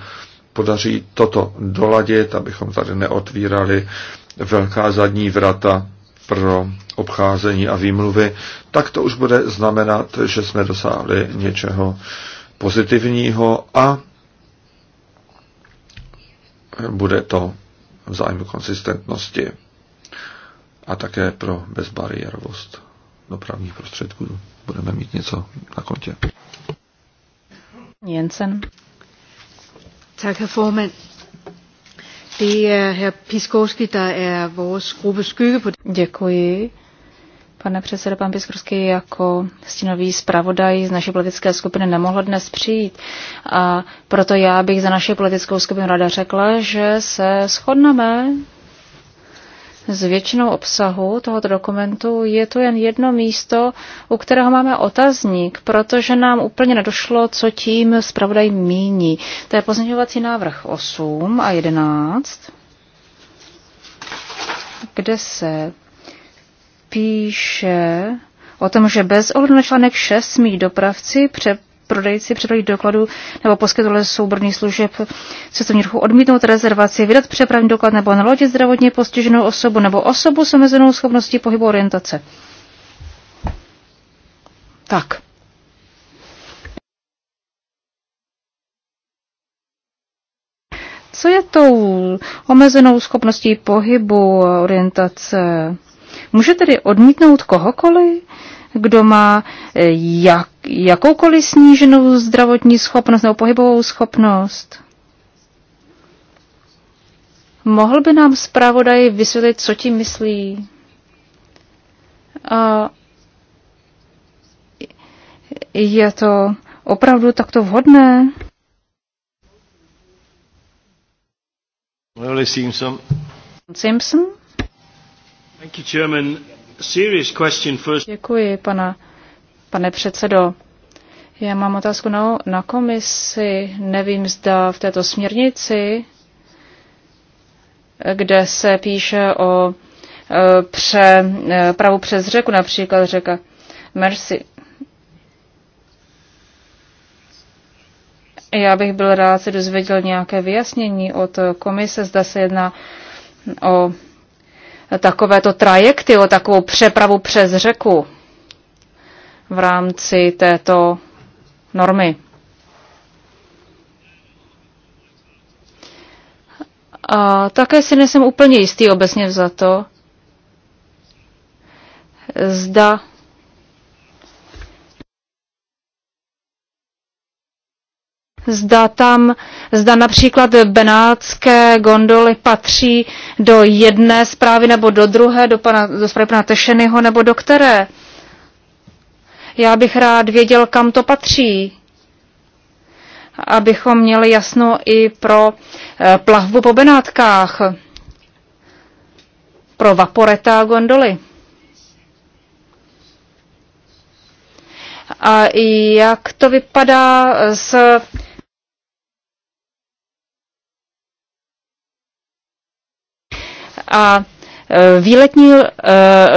podaří toto doladit, abychom tady neotvírali velká zadní vrata pro obcházení a výmluvy, tak to už bude znamenat, že jsme dosáhli něčeho pozitivního a bude to v zájmu konsistentnosti a také pro bezbariérovost dopravních prostředků. Budeme mít něco na kontě. Jensen. Tak, Det er der er vores gruppe skygge på Děkuji. Pane předsedo, pan Piskorský jako stínový zpravodaj z naší politické skupiny nemohl dnes přijít. A proto já bych za naši politickou skupinu rada řekla, že se shodneme s většinou obsahu tohoto dokumentu je to jen jedno místo, u kterého máme otazník, protože nám úplně nedošlo, co tím zpravodaj míní. To je pozměňovací návrh 8 a 11, kde se píše o tom, že bez ohledu na článek 6 smí dopravci přep prodejci předali dokladu nebo poskytovali souborný služeb cestovní ruchu odmítnout rezervaci, vydat přepravní doklad nebo na lodě zdravotně postiženou osobu nebo osobu s omezenou schopností pohybu orientace. Tak. Co je tou omezenou schopností pohybu orientace? Může tedy odmítnout kohokoliv? kdo má eh, jak, jakoukoliv sníženou zdravotní schopnost nebo pohybovou schopnost. Mohl by nám zpravodaj vysvětlit, co tím myslí? A je to opravdu takto vhodné? Simpson. Simpson? Thank you, Chairman. Děkuji, pana, pane předsedo. Já mám otázku na, na komisi. Nevím, zda v této směrnici, kde se píše o e, pře, e, pravu přes řeku, například řeka Mercy. Já bych byl rád se dozvěděl nějaké vyjasnění od komise, zda se jedná o takovéto trajekty, o takovou přepravu přes řeku v rámci této normy. A také si nesem úplně jistý obecně za to, zda Zda tam, zda například benátské gondoly patří do jedné zprávy nebo do druhé, do, pana, do zprávy pana Tešenyho nebo do které. Já bych rád věděl, kam to patří, abychom měli jasno i pro eh, plavbu po Benátkách, pro vaporeta a gondoly. A jak to vypadá s a e, výletní e,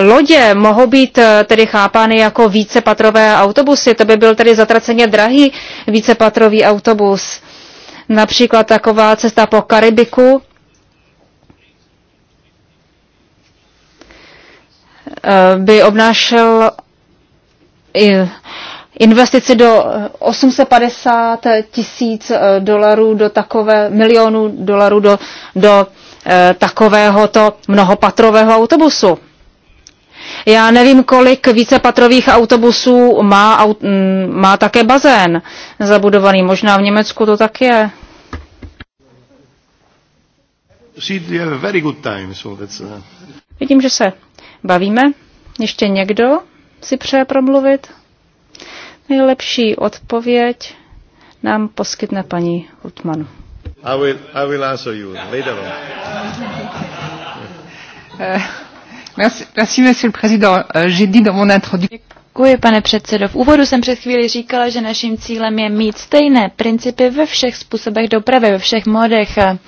lodě mohou být e, tedy chápány jako vícepatrové autobusy. To by byl tedy zatraceně drahý vícepatrový autobus. Například taková cesta po Karibiku. by obnášel investici do 850 tisíc dolarů do takové, milionů dolarů do, do Eh, takovéhoto mnohopatrového autobusu. Já nevím, kolik vícepatrových autobusů má, má také bazén zabudovaný. Možná v Německu to tak je. Uh, Vidím, že se bavíme. Ještě někdo si přeje promluvit? Nejlepší odpověď nám poskytne paní Hutman. I will, I will answer you later on. Eh, merci, monsieur le président. Eh, j'ai dit dans mon introduction. Děkuji, pane předsedo. V úvodu jsem před chvíli říkala, že naším cílem je mít stejné principy ve všech způsobech dopravy, ve všech modech, eh,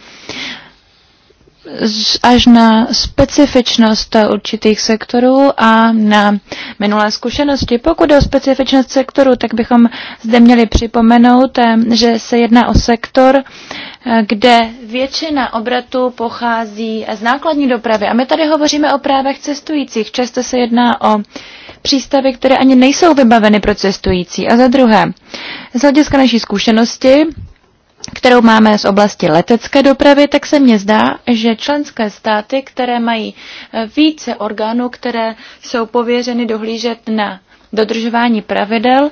až na specifičnost určitých sektorů a na minulé zkušenosti. Pokud jde o specifičnost sektoru, tak bychom zde měli připomenout, že se jedná o sektor, kde většina obratu pochází z nákladní dopravy. A my tady hovoříme o právech cestujících. Často se jedná o přístavy, které ani nejsou vybaveny pro cestující. A za druhé, z hlediska naší zkušenosti, kterou máme z oblasti letecké dopravy, tak se mně zdá, že členské státy, které mají eh, více orgánů, které jsou pověřeny dohlížet na dodržování pravidel,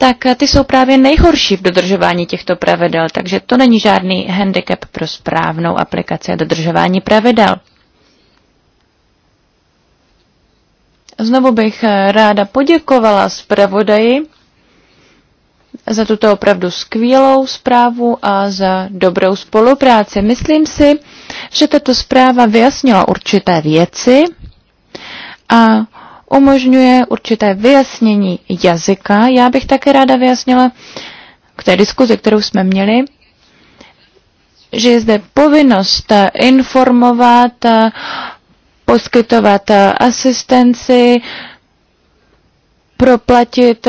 tak eh, ty jsou právě nejhorší v dodržování těchto pravidel, takže to není žádný handicap pro správnou aplikaci a dodržování pravidel. Znovu bych eh, ráda poděkovala zpravodaji za tuto opravdu skvělou zprávu a za dobrou spolupráci. Myslím si, že tato zpráva vyjasnila určité věci a umožňuje určité vyjasnění jazyka. Já bych také ráda vyjasnila k té diskuzi, kterou jsme měli, že je zde povinnost informovat, poskytovat asistenci, proplatit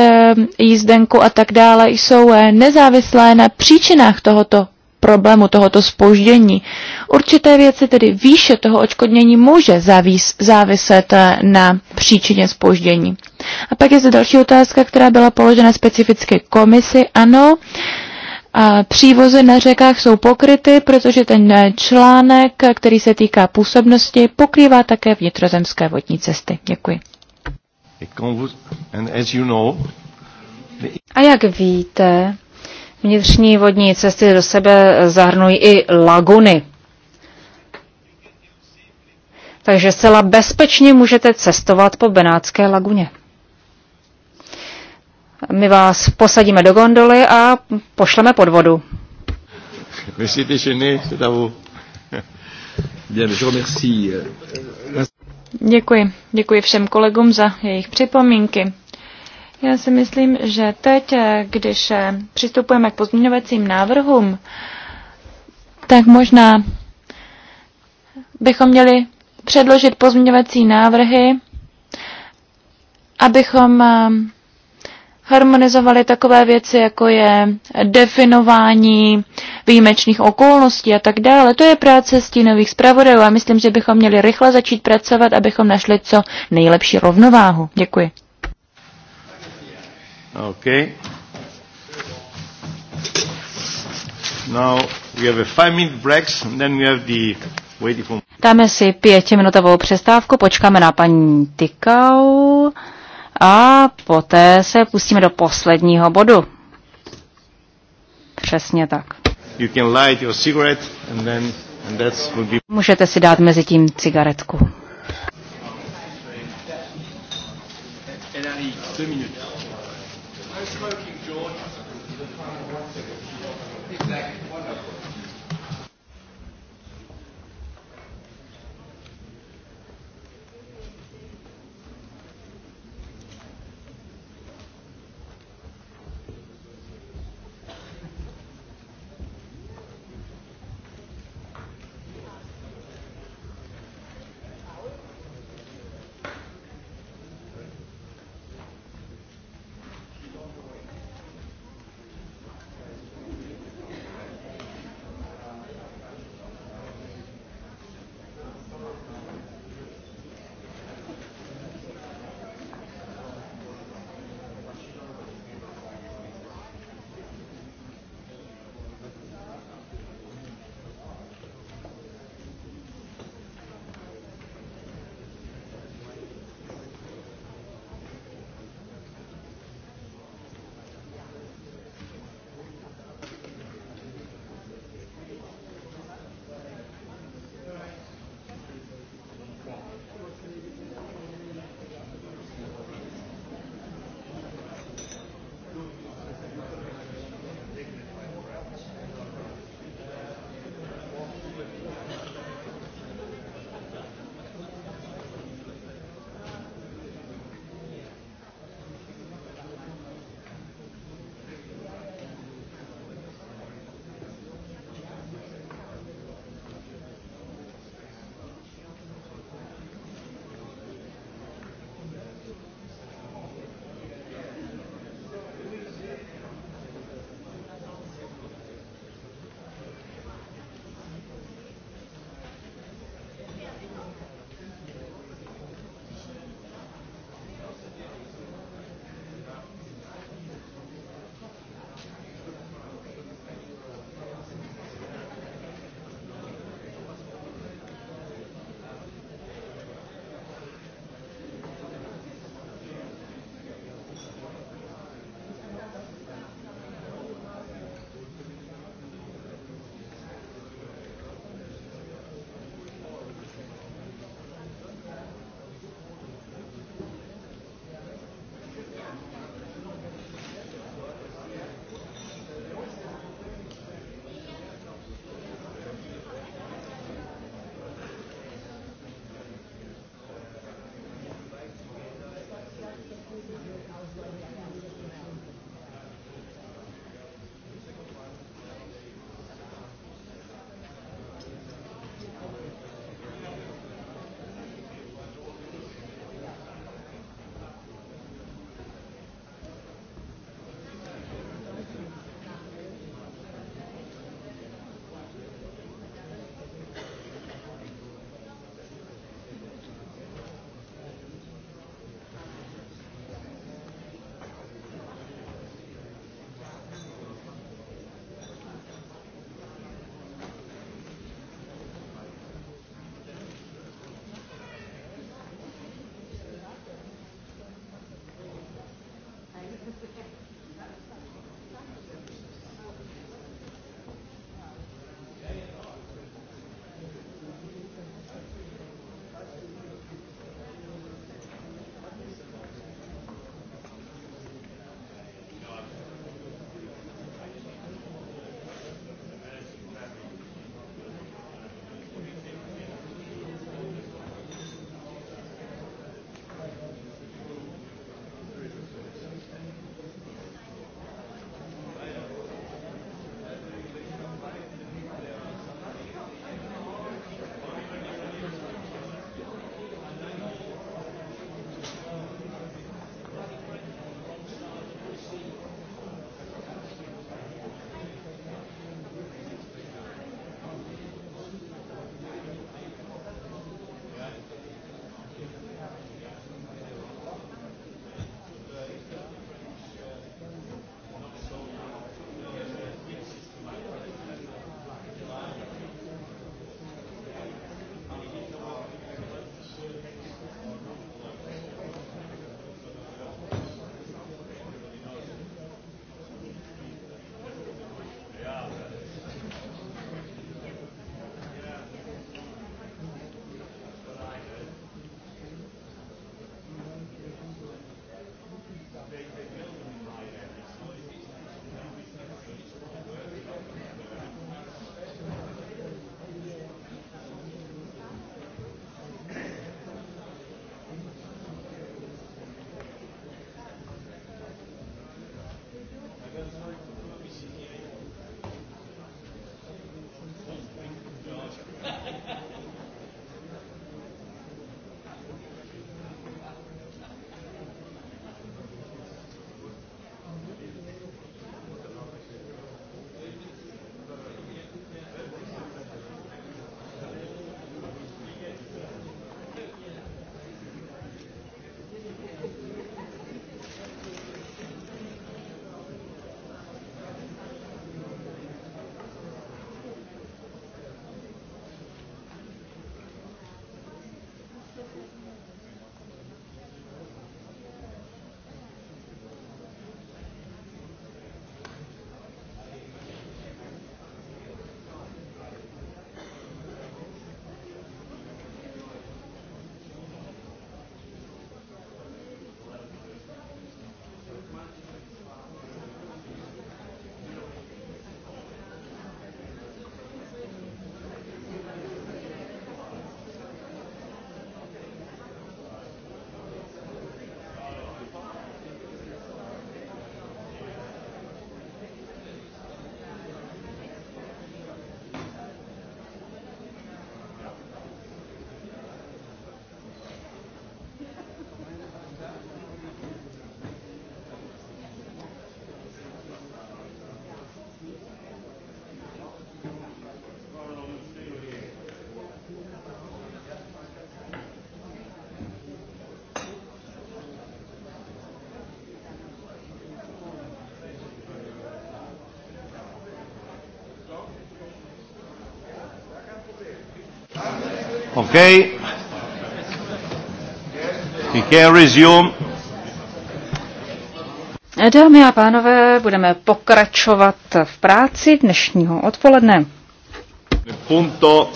jízdenku a tak dále, jsou nezávislé na příčinách tohoto problému tohoto spoždění. Určité věci, tedy výše toho očkodnění, může závis, záviset eh, na příčině spoždění. A pak je zde další otázka, která byla položena specificky komisi. Ano, a přívozy na řekách jsou pokryty, protože ten eh, článek, eh, který se týká působnosti, pokrývá také vnitrozemské vodní cesty. Děkuji. A jak víte, Vnitřní vodní cesty do sebe zahrnují i laguny. Takže zcela bezpečně můžete cestovat po Benátské laguně. My vás posadíme do gondoly a pošleme pod vodu. Děkuji. Děkuji všem kolegům za jejich připomínky. Já si myslím, že teď, eh, když eh, přistupujeme k pozměňovacím návrhům, tak možná bychom měli předložit pozměňovací návrhy, abychom eh, harmonizovali takové věci, jako je definování výjimečných okolností a tak dále. To je práce stínových zpravodajů a myslím, že bychom měli rychle začít pracovat, abychom našli co nejlepší rovnováhu. Děkuji. OK. Now we have a five minute break, and then we have the waiting for... Dáme si pětiminutovou přestávku, počkáme na paní Tykau a poté se pustíme do posledního bodu. Přesně tak. You can light your cigarette and then, and that's will be... Můžete si dát mezi tím cigaretku. Elle arrive, deux minutes. Okay. We can resume. Dámy a pánové, budeme pokračovat v práci dnešního odpoledne. Punto.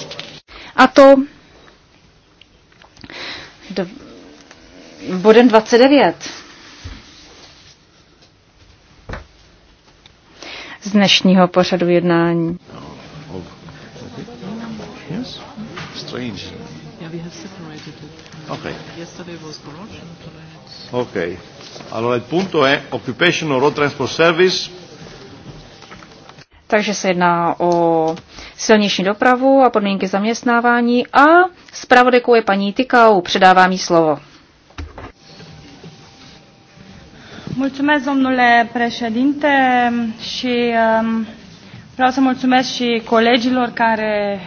A to do, bodem 29. Z dnešního pořadu jednání. strange. Yeah, we have separated it. Okay. Yesterday was corruption, today Okay. Allora il punto è Occupational Road Transport Service. Takže se jedná o silniční dopravu a podmínky zaměstnávání a zpravodajkou je paní Tykau. předává mi slovo. Mulțumesc, domnule președinte, și um, vreau să mulțumesc și colegilor care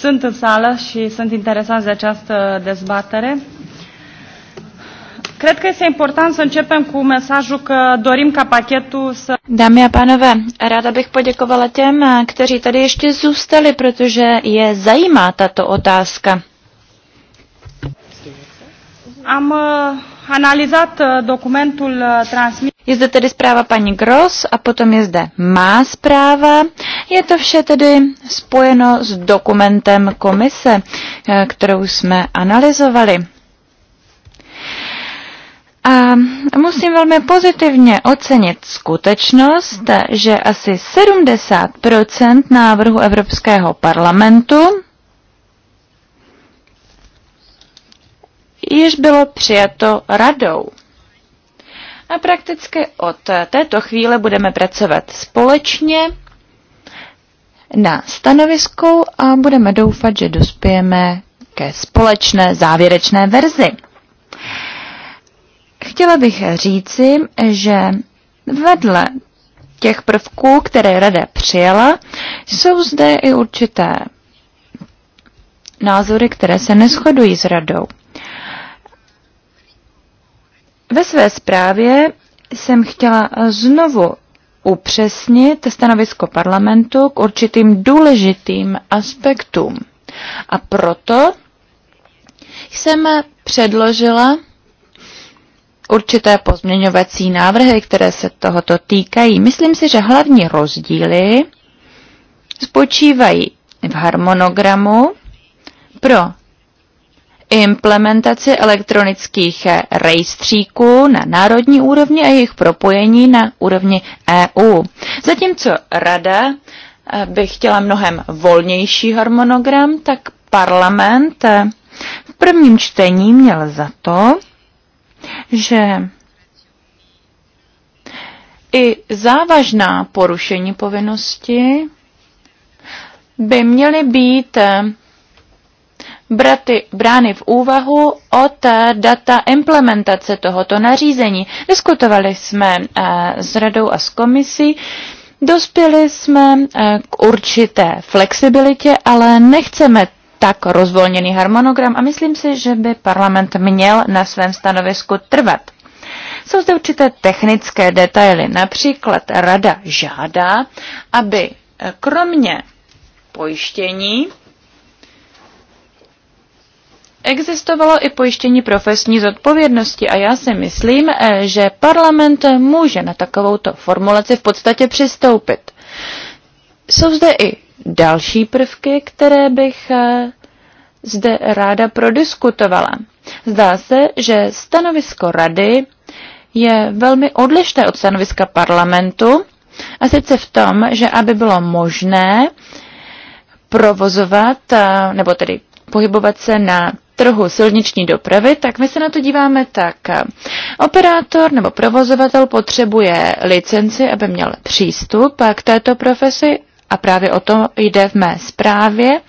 sunt în sală și sunt interesați de această dezbatere. Cred că este important să începem cu mesajul că dorim ca pachetul să... Dámy a pánové, ráda bych poděkovala těm, eh, kteří tady ještě zůstali, protože je zajímá tato otázka. Am uh, analizat uh, documentul uh, transmis je zde tedy zpráva paní Gross a potom je zde má zpráva. Je to vše tedy spojeno s dokumentem komise, eh, kterou jsme analyzovali. A musím velmi pozitivně ocenit skutečnost, že asi 70 návrhu Evropského parlamentu již bylo přijato radou. A prakticky od této chvíle budeme pracovat společně na stanovisku a budeme doufat, že dospějeme ke společné závěrečné verzi. Chtěla bych říci, že vedle těch prvků, které Rada přijala, jsou zde i určité názory, které se neschodují s Radou. Ve své zprávě jsem chtěla znovu upřesnit stanovisko parlamentu k určitým důležitým aspektům. A proto jsem předložila určité pozměňovací návrhy, které se tohoto týkají. Myslím si, že hlavní rozdíly spočívají v harmonogramu pro implementaci elektronických rejstříků na národní úrovni a jejich propojení na úrovni EU. Zatímco Rada eh, by chtěla mnohem volnější harmonogram, tak parlament eh, v prvním čtení měl za to, že i závažná porušení povinnosti by měly být eh, braty, brány v úvahu od data implementace tohoto nařízení. Diskutovali jsme eh, s radou a s komisí, dospěli jsme eh, k určité flexibilitě, ale nechceme tak rozvolněný harmonogram a myslím si, že by parlament měl na svém stanovisku trvat. Jsou zde určité technické detaily. Například rada žádá, aby eh, kromě pojištění existovalo i pojištění profesní zodpovědnosti a já si myslím, eh, že parlament může na takovouto formulaci v podstatě přistoupit. Jsou zde i další prvky, které bych eh, zde ráda prodiskutovala. Zdá se, že stanovisko rady je velmi odlišné od stanoviska parlamentu, a sice v tom, že aby bylo možné provozovat, eh, nebo tedy pohybovat se na trhu silniční dopravy, tak my se na to díváme tak. Operátor nebo provozovatel potřebuje licenci, aby měl přístup k této profesi a právě o to jde v mé zprávě.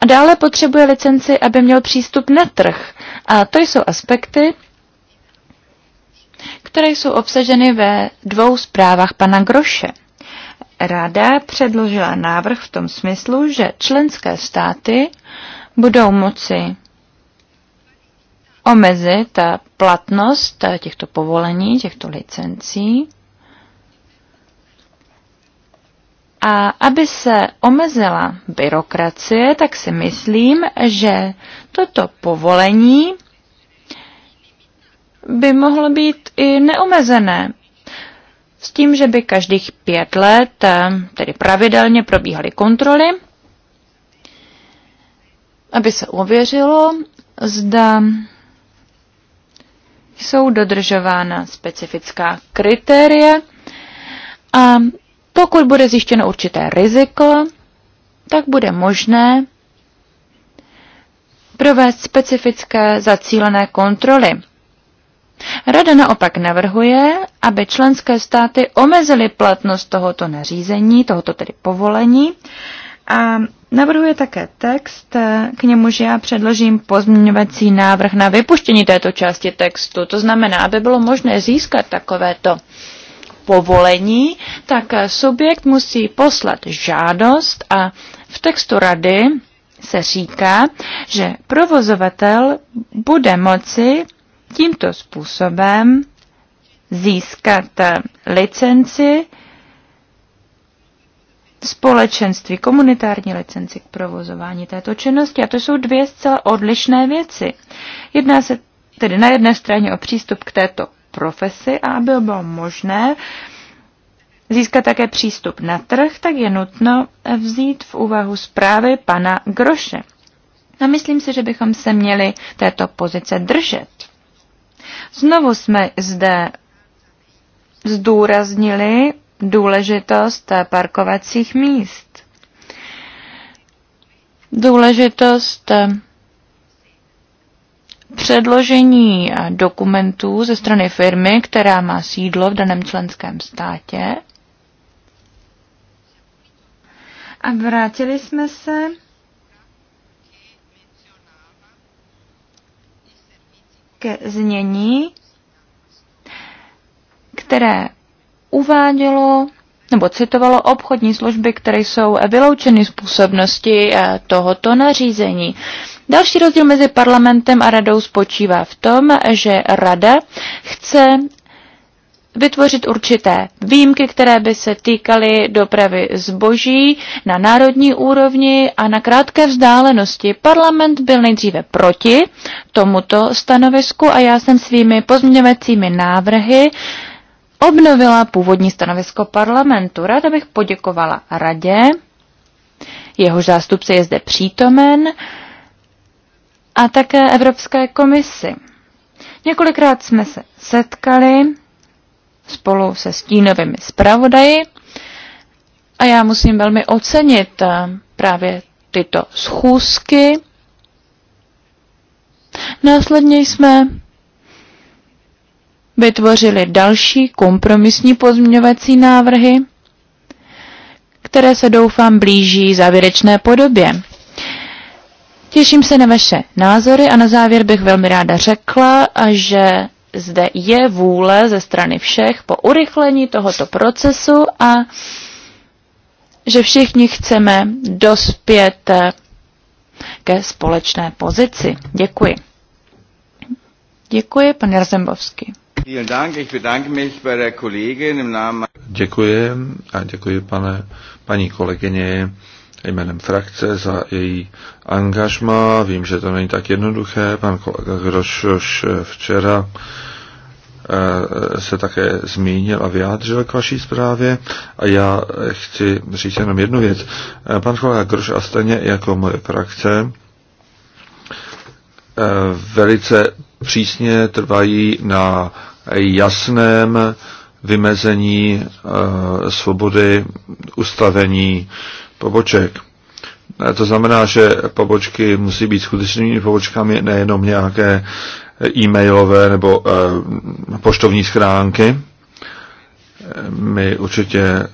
A dále potřebuje licenci, aby měl přístup na trh. A to jsou aspekty, které jsou obsaženy ve dvou zprávách pana Groše. Rada předložila návrh v tom smyslu, že členské státy uh, budou moci omezit platnost těchto povolení, těchto licencí. A aby se omezila byrokracie, tak si myslím, že toto povolení by mohlo být i neomezené. S tím, že by každých pět let, tedy pravidelně, probíhaly kontroly aby se ověřilo, zda jsou dodržována specifická kritéria a pokud bude zjištěno určité riziko, tak bude možné provést specifické zacílené kontroly. Rada naopak navrhuje, aby členské státy omezily platnost tohoto nařízení, tohoto tedy povolení, a Navrhuje také text, k němuž já předložím pozměňovací návrh na vypuštění této části textu. To znamená, aby bylo možné získat takovéto povolení, tak subjekt musí poslat žádost a v textu rady se říká, že provozovatel bude moci tímto způsobem získat licenci společenství, komunitární licenci k provozování této činnosti. A to jsou dvě zcela odlišné věci. Jedná se tedy na jedné straně o přístup k této profesi a aby bylo možné získat také přístup na trh, tak je nutno vzít v úvahu zprávy pana Groše. A myslím si, že bychom se měli této pozice držet. Znovu jsme zde zdůraznili důležitost parkovacích míst, důležitost eh, předložení eh, dokumentů ze strany firmy, která má sídlo v daném členském státě. A vrátili jsme se ke znění, které uvádělo nebo citovalo obchodní služby, které jsou vyloučeny z působnosti eh, tohoto nařízení. Další rozdíl mezi parlamentem a radou spočívá v tom, že rada chce vytvořit určité výjimky, které by se týkaly dopravy zboží na národní úrovni a na krátké vzdálenosti. Parlament byl nejdříve proti tomuto stanovisku a já jsem svými pozměňovacími návrhy obnovila původní stanovisko parlamentu. Ráda bych poděkovala radě, jeho zástupce je zde přítomen, a také Evropské komisi. Několikrát jsme se setkali spolu se stínovými zpravodaji a já musím velmi ocenit eh, právě tyto schůzky. Následně jsme vytvořili další kompromisní pozměňovací návrhy, které se doufám blíží závěrečné podobě. Těším se na vaše názory a na závěr bych velmi ráda řekla, že zde je vůle ze strany všech po urychlení tohoto procesu a že všichni chceme dospět ke společné pozici. Děkuji. Děkuji, pan Jarzembovský. Děkuji a děkuji pane, paní kolegyně jménem frakce za její angažma. Vím, že to není tak jednoduché. Pan kolega Groš už eh, včera eh, se také zmínil a vyjádřil k vaší zprávě. A já chci říct jenom jednu věc. Eh, pan kolega Groš a stejně jako moje frakce velice přísně trvají na jasném vymezení eh, svobody ustavení poboček. Eh, to znamená, že pobočky musí být skutečnými pobočkami, nejenom nějaké e-mailové nebo eh, poštovní schránky. My určitě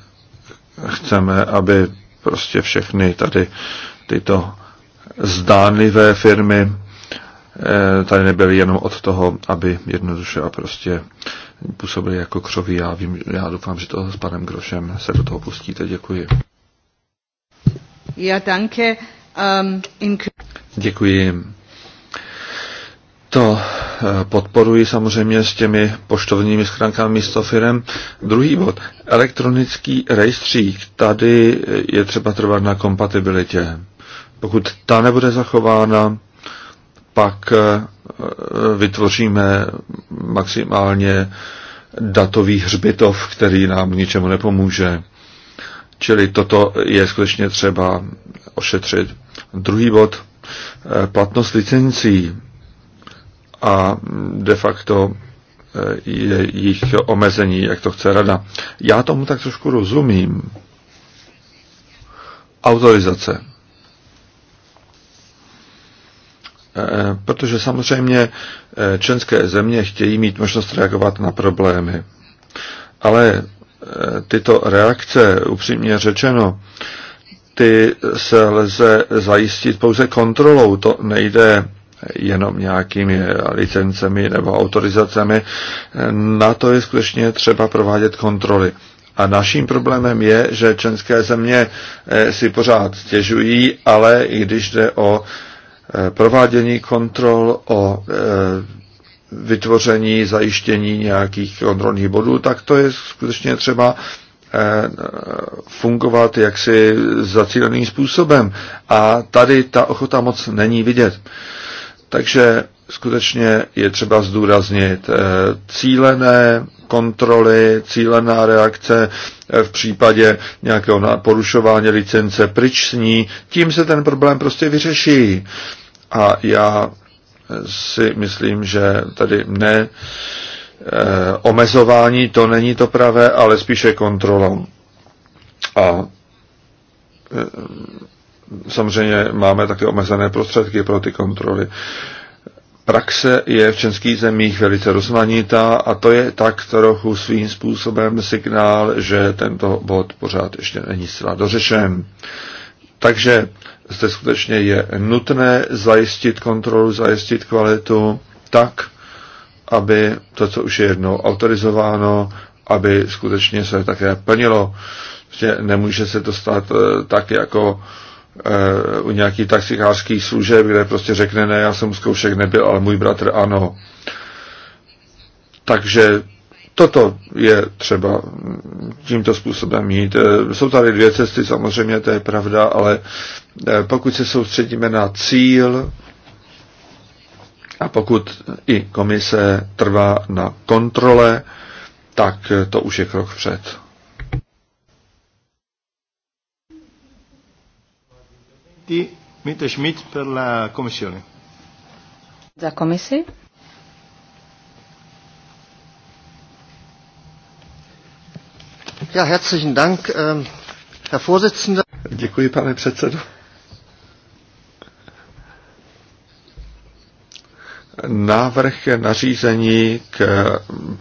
chceme, aby prostě všechny tady tyto zdánlivé firmy Eh, tady nebyli jenom od toho, aby jednoduše a prostě působili jako křoví. Já, vím, já doufám, že to s panem Grošem se do toho pustíte. Děkuji. Ja, danke. Um, in... Děkuji. To eh, podporuji samozřejmě s těmi poštovními schránkami místo firem. Druhý bod, elektronický rejstřík. Tady je třeba trvat na kompatibilitě. Pokud ta nebude zachována, pak eh, vytvoříme maximálně datový hřbitov, který nám ničemu nepomůže. Čili toto je skutečně třeba ošetřit. Druhý bod, eh, platnost licencí a de facto eh, jejich omezení, jak to chce rada. Já tomu tak trošku rozumím. Autorizace. Eh, protože samozřejmě eh, členské země chtějí mít možnost reagovat na problémy. Ale eh, tyto reakce, upřímně řečeno, ty se lze zajistit pouze kontrolou, to nejde jenom nějakými licencemi nebo autorizacemi. Na to je skutečně třeba provádět kontroly. A naším problémem je, že členské země si pořád stěžují, ale i když jde o Eh, provádění kontrol, o eh, vytvoření, zajištění nějakých kontrolních bodů, tak to je skutečně třeba eh, fungovat jaksi zacíleným způsobem. A tady ta ochota moc není vidět. Takže skutečně je třeba zdůraznit cílené kontroly, cílená reakce eh, v případě nějakého porušování licence pryč s ní, tím se ten problém prostě vyřeší. A já eh, si myslím, že tady ne e, omezování, to není to pravé, ale spíše kontrolou. A e, samozřejmě máme také omezené prostředky pro ty kontroly. E, Praxe je v českých zemích velice rozmanitá a to je tak trochu svým způsobem signál, že tento bod pořád ještě není zcela dořešen. Takže zde skutečně je nutné zajistit kontrolu, zajistit kvalitu tak, aby to, co už je jednou autorizováno, aby skutečně se také plnilo. Prostě nemůže se to stát eh, tak jako Eh, u nějakých taxikářských služeb, kde prostě řekne, ne, já jsem zkoušek nebyl, ale můj bratr ano. Takže toto je třeba tímto způsobem mít. Eh, jsou tady dvě cesty, samozřejmě to je pravda, ale eh, pokud se soustředíme na cíl a pokud i komise trvá na kontrole, tak to už je krok před. minuti Mite Schmidt per la Commissione. Za komisi? Ja, herzlichen Dank, ähm, Herr Vorsitzender. Děkuji, pane předsedo. Návrh nařízení k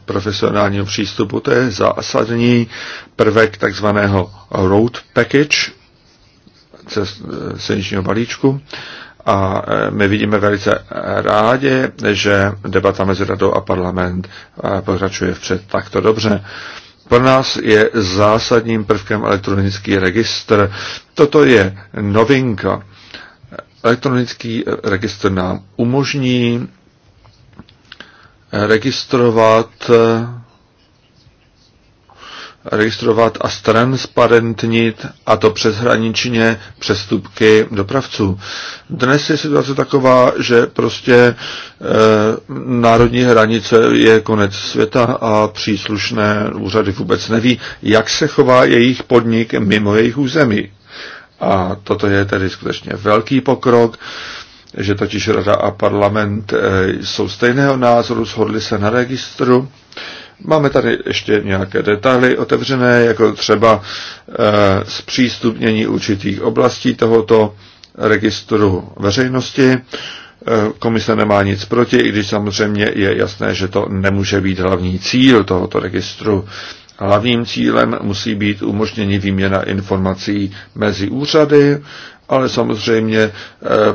profesionálnímu přístupu, to je zásadní prvek takzvaného road package, silničního balíčku a e, my vidíme velice rádi, že debata mezi radou a parlament e, pokračuje vpřed takto dobře. Pro nás je zásadním prvkem elektronický registr. Toto je novinka. Elektronický registr nám umožní registrovat e, registrovat a transparentnit, a to přeshraničně, přestupky dopravců. Dnes je situace taková, že prostě e, národní hranice je konec světa a příslušné úřady vůbec neví, jak se chová jejich podnik mimo jejich území. A toto je tedy skutečně velký pokrok, že totiž Rada a parlament e, jsou stejného názoru, shodli se na registru, e, Máme tady ještě nějaké detaily otevřené, jako třeba e, zpřístupnění určitých oblastí tohoto registru veřejnosti. E, komise nemá nic proti, i když samozřejmě je jasné, že to nemůže být hlavní cíl tohoto registru. Hlavním cílem musí být umožnění výměna informací mezi úřady, ale samozřejmě eh,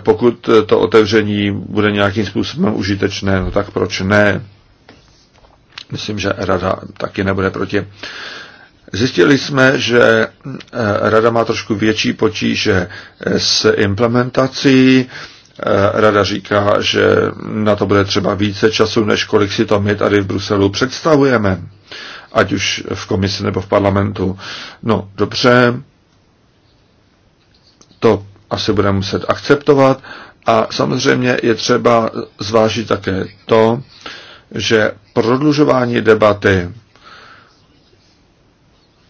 pokud to otevření bude nějakým způsobem užitečné, no tak proč ne? Myslím, že rada taky nebude proti. Zjistili jsme, že eh, rada má trošku větší potíže eh, s implementací. Eh, rada říká, že na to bude třeba více času, než kolik si to my tady v Bruselu představujeme, ať už v komisi nebo v parlamentu. No dobře, to asi budeme muset akceptovat a samozřejmě je třeba zvážit také to, že prodlužování debaty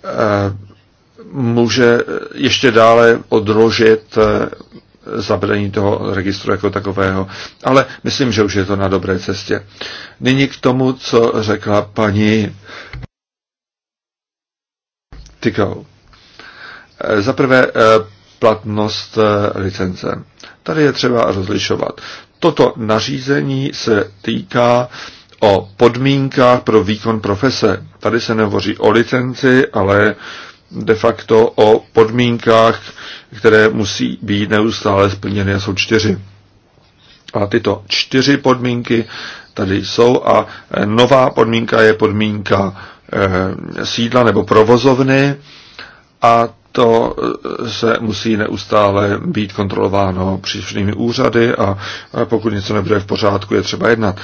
eh, může ještě dále odložit eh, zavedení toho registru jako takového. Ale myslím, že už je to na dobré cestě. Nyní k tomu, co řekla paní Tykou. Eh, za prvé platnost licence. Tady je třeba rozlišovat. Toto nařízení se týká o podmínkách pro výkon profese. Tady se nehovoří o licenci, ale de facto o podmínkách, které musí být neustále splněny. Jsou čtyři. A tyto čtyři podmínky tady jsou a nová podmínka je podmínka e, sídla nebo provozovny a to eh, se musí neustále být kontrolováno příslušnými úřady a pokud něco nebude v pořádku, je třeba jednat.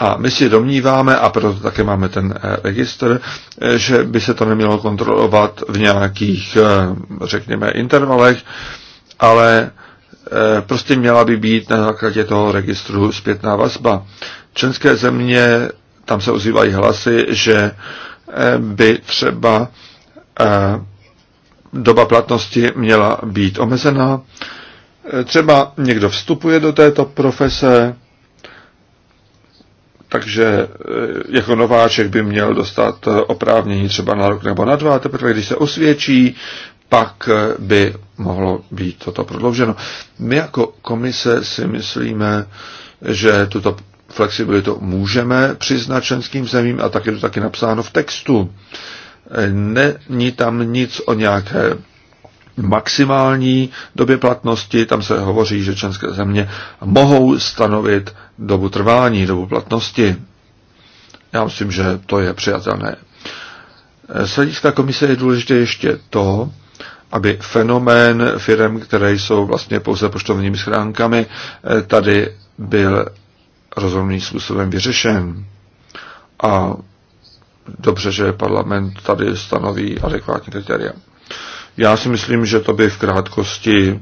A my si domníváme, a proto také máme ten eh, registr, eh, že by se to nemělo kontrolovat v nějakých, eh, řekněme, intervalech, ale prostě měla by být na základě toho registru zpětná vazba. Členské země, tam se ozývají hlasy, že by třeba doba platnosti měla být omezená. Třeba někdo vstupuje do této profese, takže e, jako nováček by měl dostat e, oprávnění třeba na rok nebo na dva, a teprve když se osvědčí, pak e, by mohlo být toto prodlouženo. My jako komise si myslíme, že tuto flexibilitu můžeme přiznat členským zemím a tak je to taky napsáno v textu. Není tam nic o nějaké maximální době platnosti, tam se hovoří, že členské země mohou stanovit dobu trvání, dobu platnosti. Já myslím, že to je přijatelné. Z hlediska komise je důležité ještě to, aby fenomén firm, které jsou vlastně pouze poštovními schránkami, tady byl rozumným způsobem vyřešen. A dobře, že parlament tady stanoví adekvátní kritéria. Já si myslím, že to by v krátkosti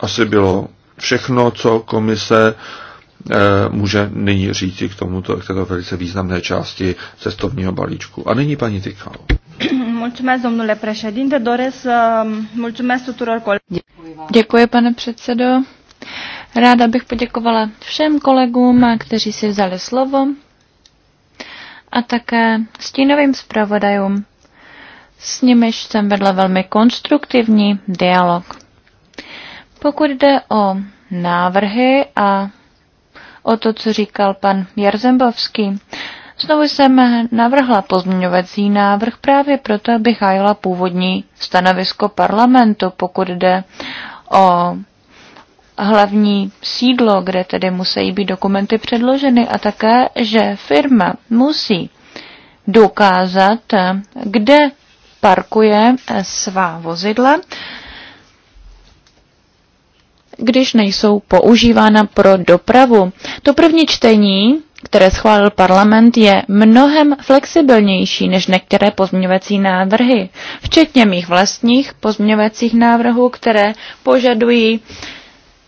asi bylo všechno, co komise eh, může nyní říci k tomuto, k této velice významné části cestovního balíčku. A nyní paní Tykal. Mulțumesc, domnule președinte. Doresc să mulțumesc tuturor kolegům. Děkuji, pane předsedo. Ráda bych poděkovala všem kolegům, kteří si vzali slovo a také stínovým zpravodajům s nimiž jsem vedla velmi konstruktivní dialog. Pokud jde o návrhy a o to, co říkal pan Jarzembovský, znovu jsem navrhla pozměňovací návrh právě proto, abych hájila původní stanovisko parlamentu, pokud jde o hlavní sídlo, kde tedy musí být dokumenty předloženy a také, že firma musí dokázat, kde parkuje svá vozidla, když nejsou používána pro dopravu. To první čtení, které schválil parlament, je mnohem flexibilnější než některé pozměňovací návrhy, včetně mých vlastních pozměňovacích návrhů, které požadují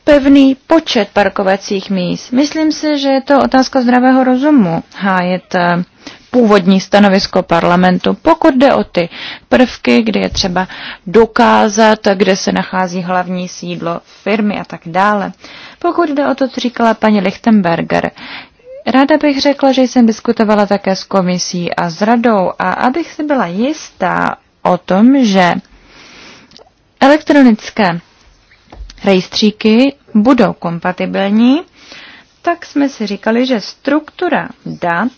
pevný počet parkovacích míst. Myslím si, že je to otázka zdravého rozumu hájet eh, původní stanovisko parlamentu, pokud jde o ty prvky, kde je třeba dokázat, kde se nachází hlavní sídlo firmy a tak dále. Pokud jde o to, co říkala paní Lichtenberger, Ráda bych řekla, že jsem diskutovala také s komisí a s radou a abych si byla jistá o tom, že elektronické rejstříky budou kompatibilní, tak jsme si říkali, že struktura dat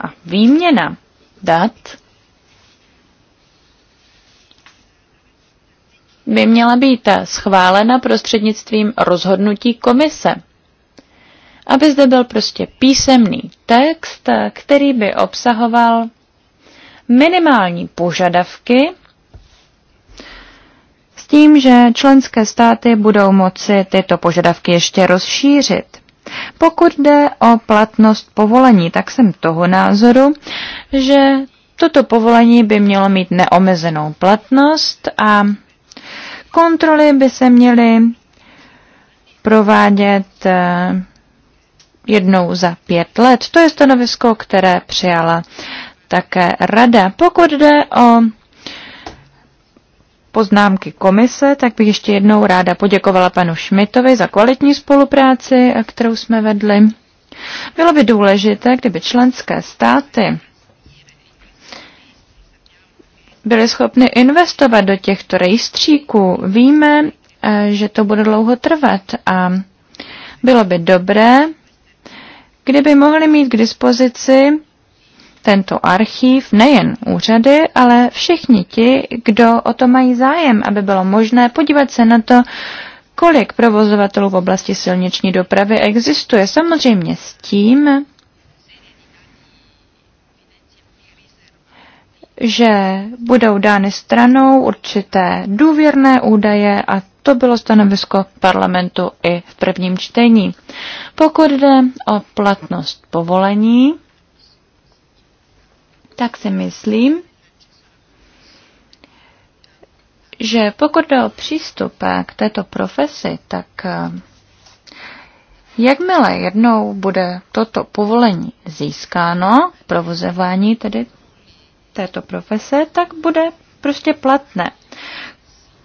a výměna dat by měla být schválena prostřednictvím rozhodnutí komise, aby zde byl prostě písemný text, který by obsahoval minimální požadavky s tím, že členské státy budou moci tyto požadavky ještě rozšířit. Pokud jde o platnost povolení, tak jsem toho názoru, že toto povolení by mělo mít neomezenou platnost a kontroly by se měly provádět eh, jednou za pět let. To je stanovisko, které přijala také rada. Pokud jde o poznámky komise, tak bych ještě jednou ráda poděkovala panu Šmitovi za kvalitní spolupráci, kterou jsme vedli. Bylo by důležité, kdyby členské státy byly schopny investovat do těchto rejstříků. Víme, eh, že to bude dlouho trvat a bylo by dobré, kdyby mohli mít k dispozici tento archív nejen úřady, ale všichni ti, kdo o to mají zájem, aby bylo možné podívat se na to, kolik provozovatelů v oblasti silniční dopravy existuje. Samozřejmě s tím, že budou dány stranou určité důvěrné údaje a to bylo stanovisko parlamentu i v prvním čtení. Pokud jde o platnost povolení, tak si myslím, že pokud jde o přístup eh, k této profesi, tak eh, jakmile jednou bude toto povolení získáno, provozování tedy této profese, tak bude prostě platné.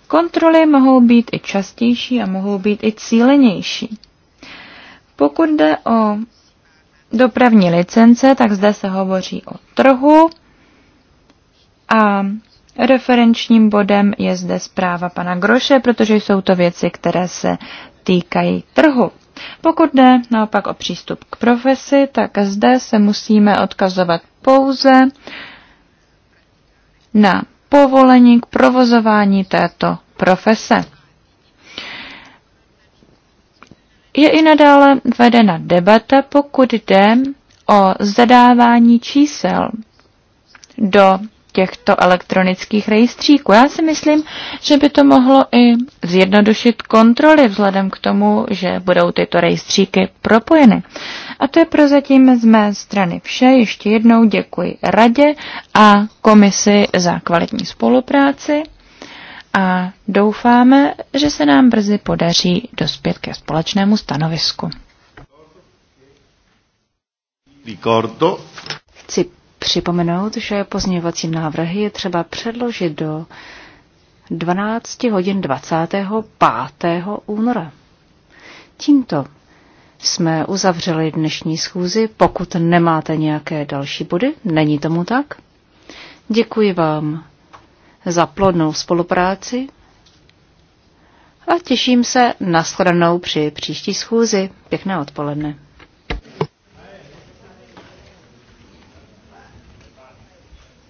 Kontroly mohou být i častější a mohou být i cílenější. Pokud jde o dopravní licence, tak zde se hovoří o trhu a referenčním bodem je zde zpráva pana Groše, protože jsou to věci, které se týkají trhu. Pokud jde naopak o přístup k profesi, tak zde se musíme odkazovat pouze na povolení k provozování této profese. je i nadále vedena debata, pokud jde o zadávání čísel do těchto elektronických rejstříků. Já si myslím, že by to mohlo i zjednodušit kontroly vzhledem k tomu, že budou tyto rejstříky propojeny. A to je prozatím z mé strany vše. Ještě jednou děkuji radě a komisi za kvalitní spolupráci a doufáme, že se nám brzy podaří dospět ke společnému stanovisku. Chci připomenout, že pozměňovací návrhy je třeba předložit do 12 hodin 25. února. Tímto jsme uzavřeli dnešní schůzi. Pokud nemáte nějaké další body, není tomu tak? Děkuji vám za plodnou spolupráci a těším se na shledanou při příští schůzi. Pěkné odpoledne.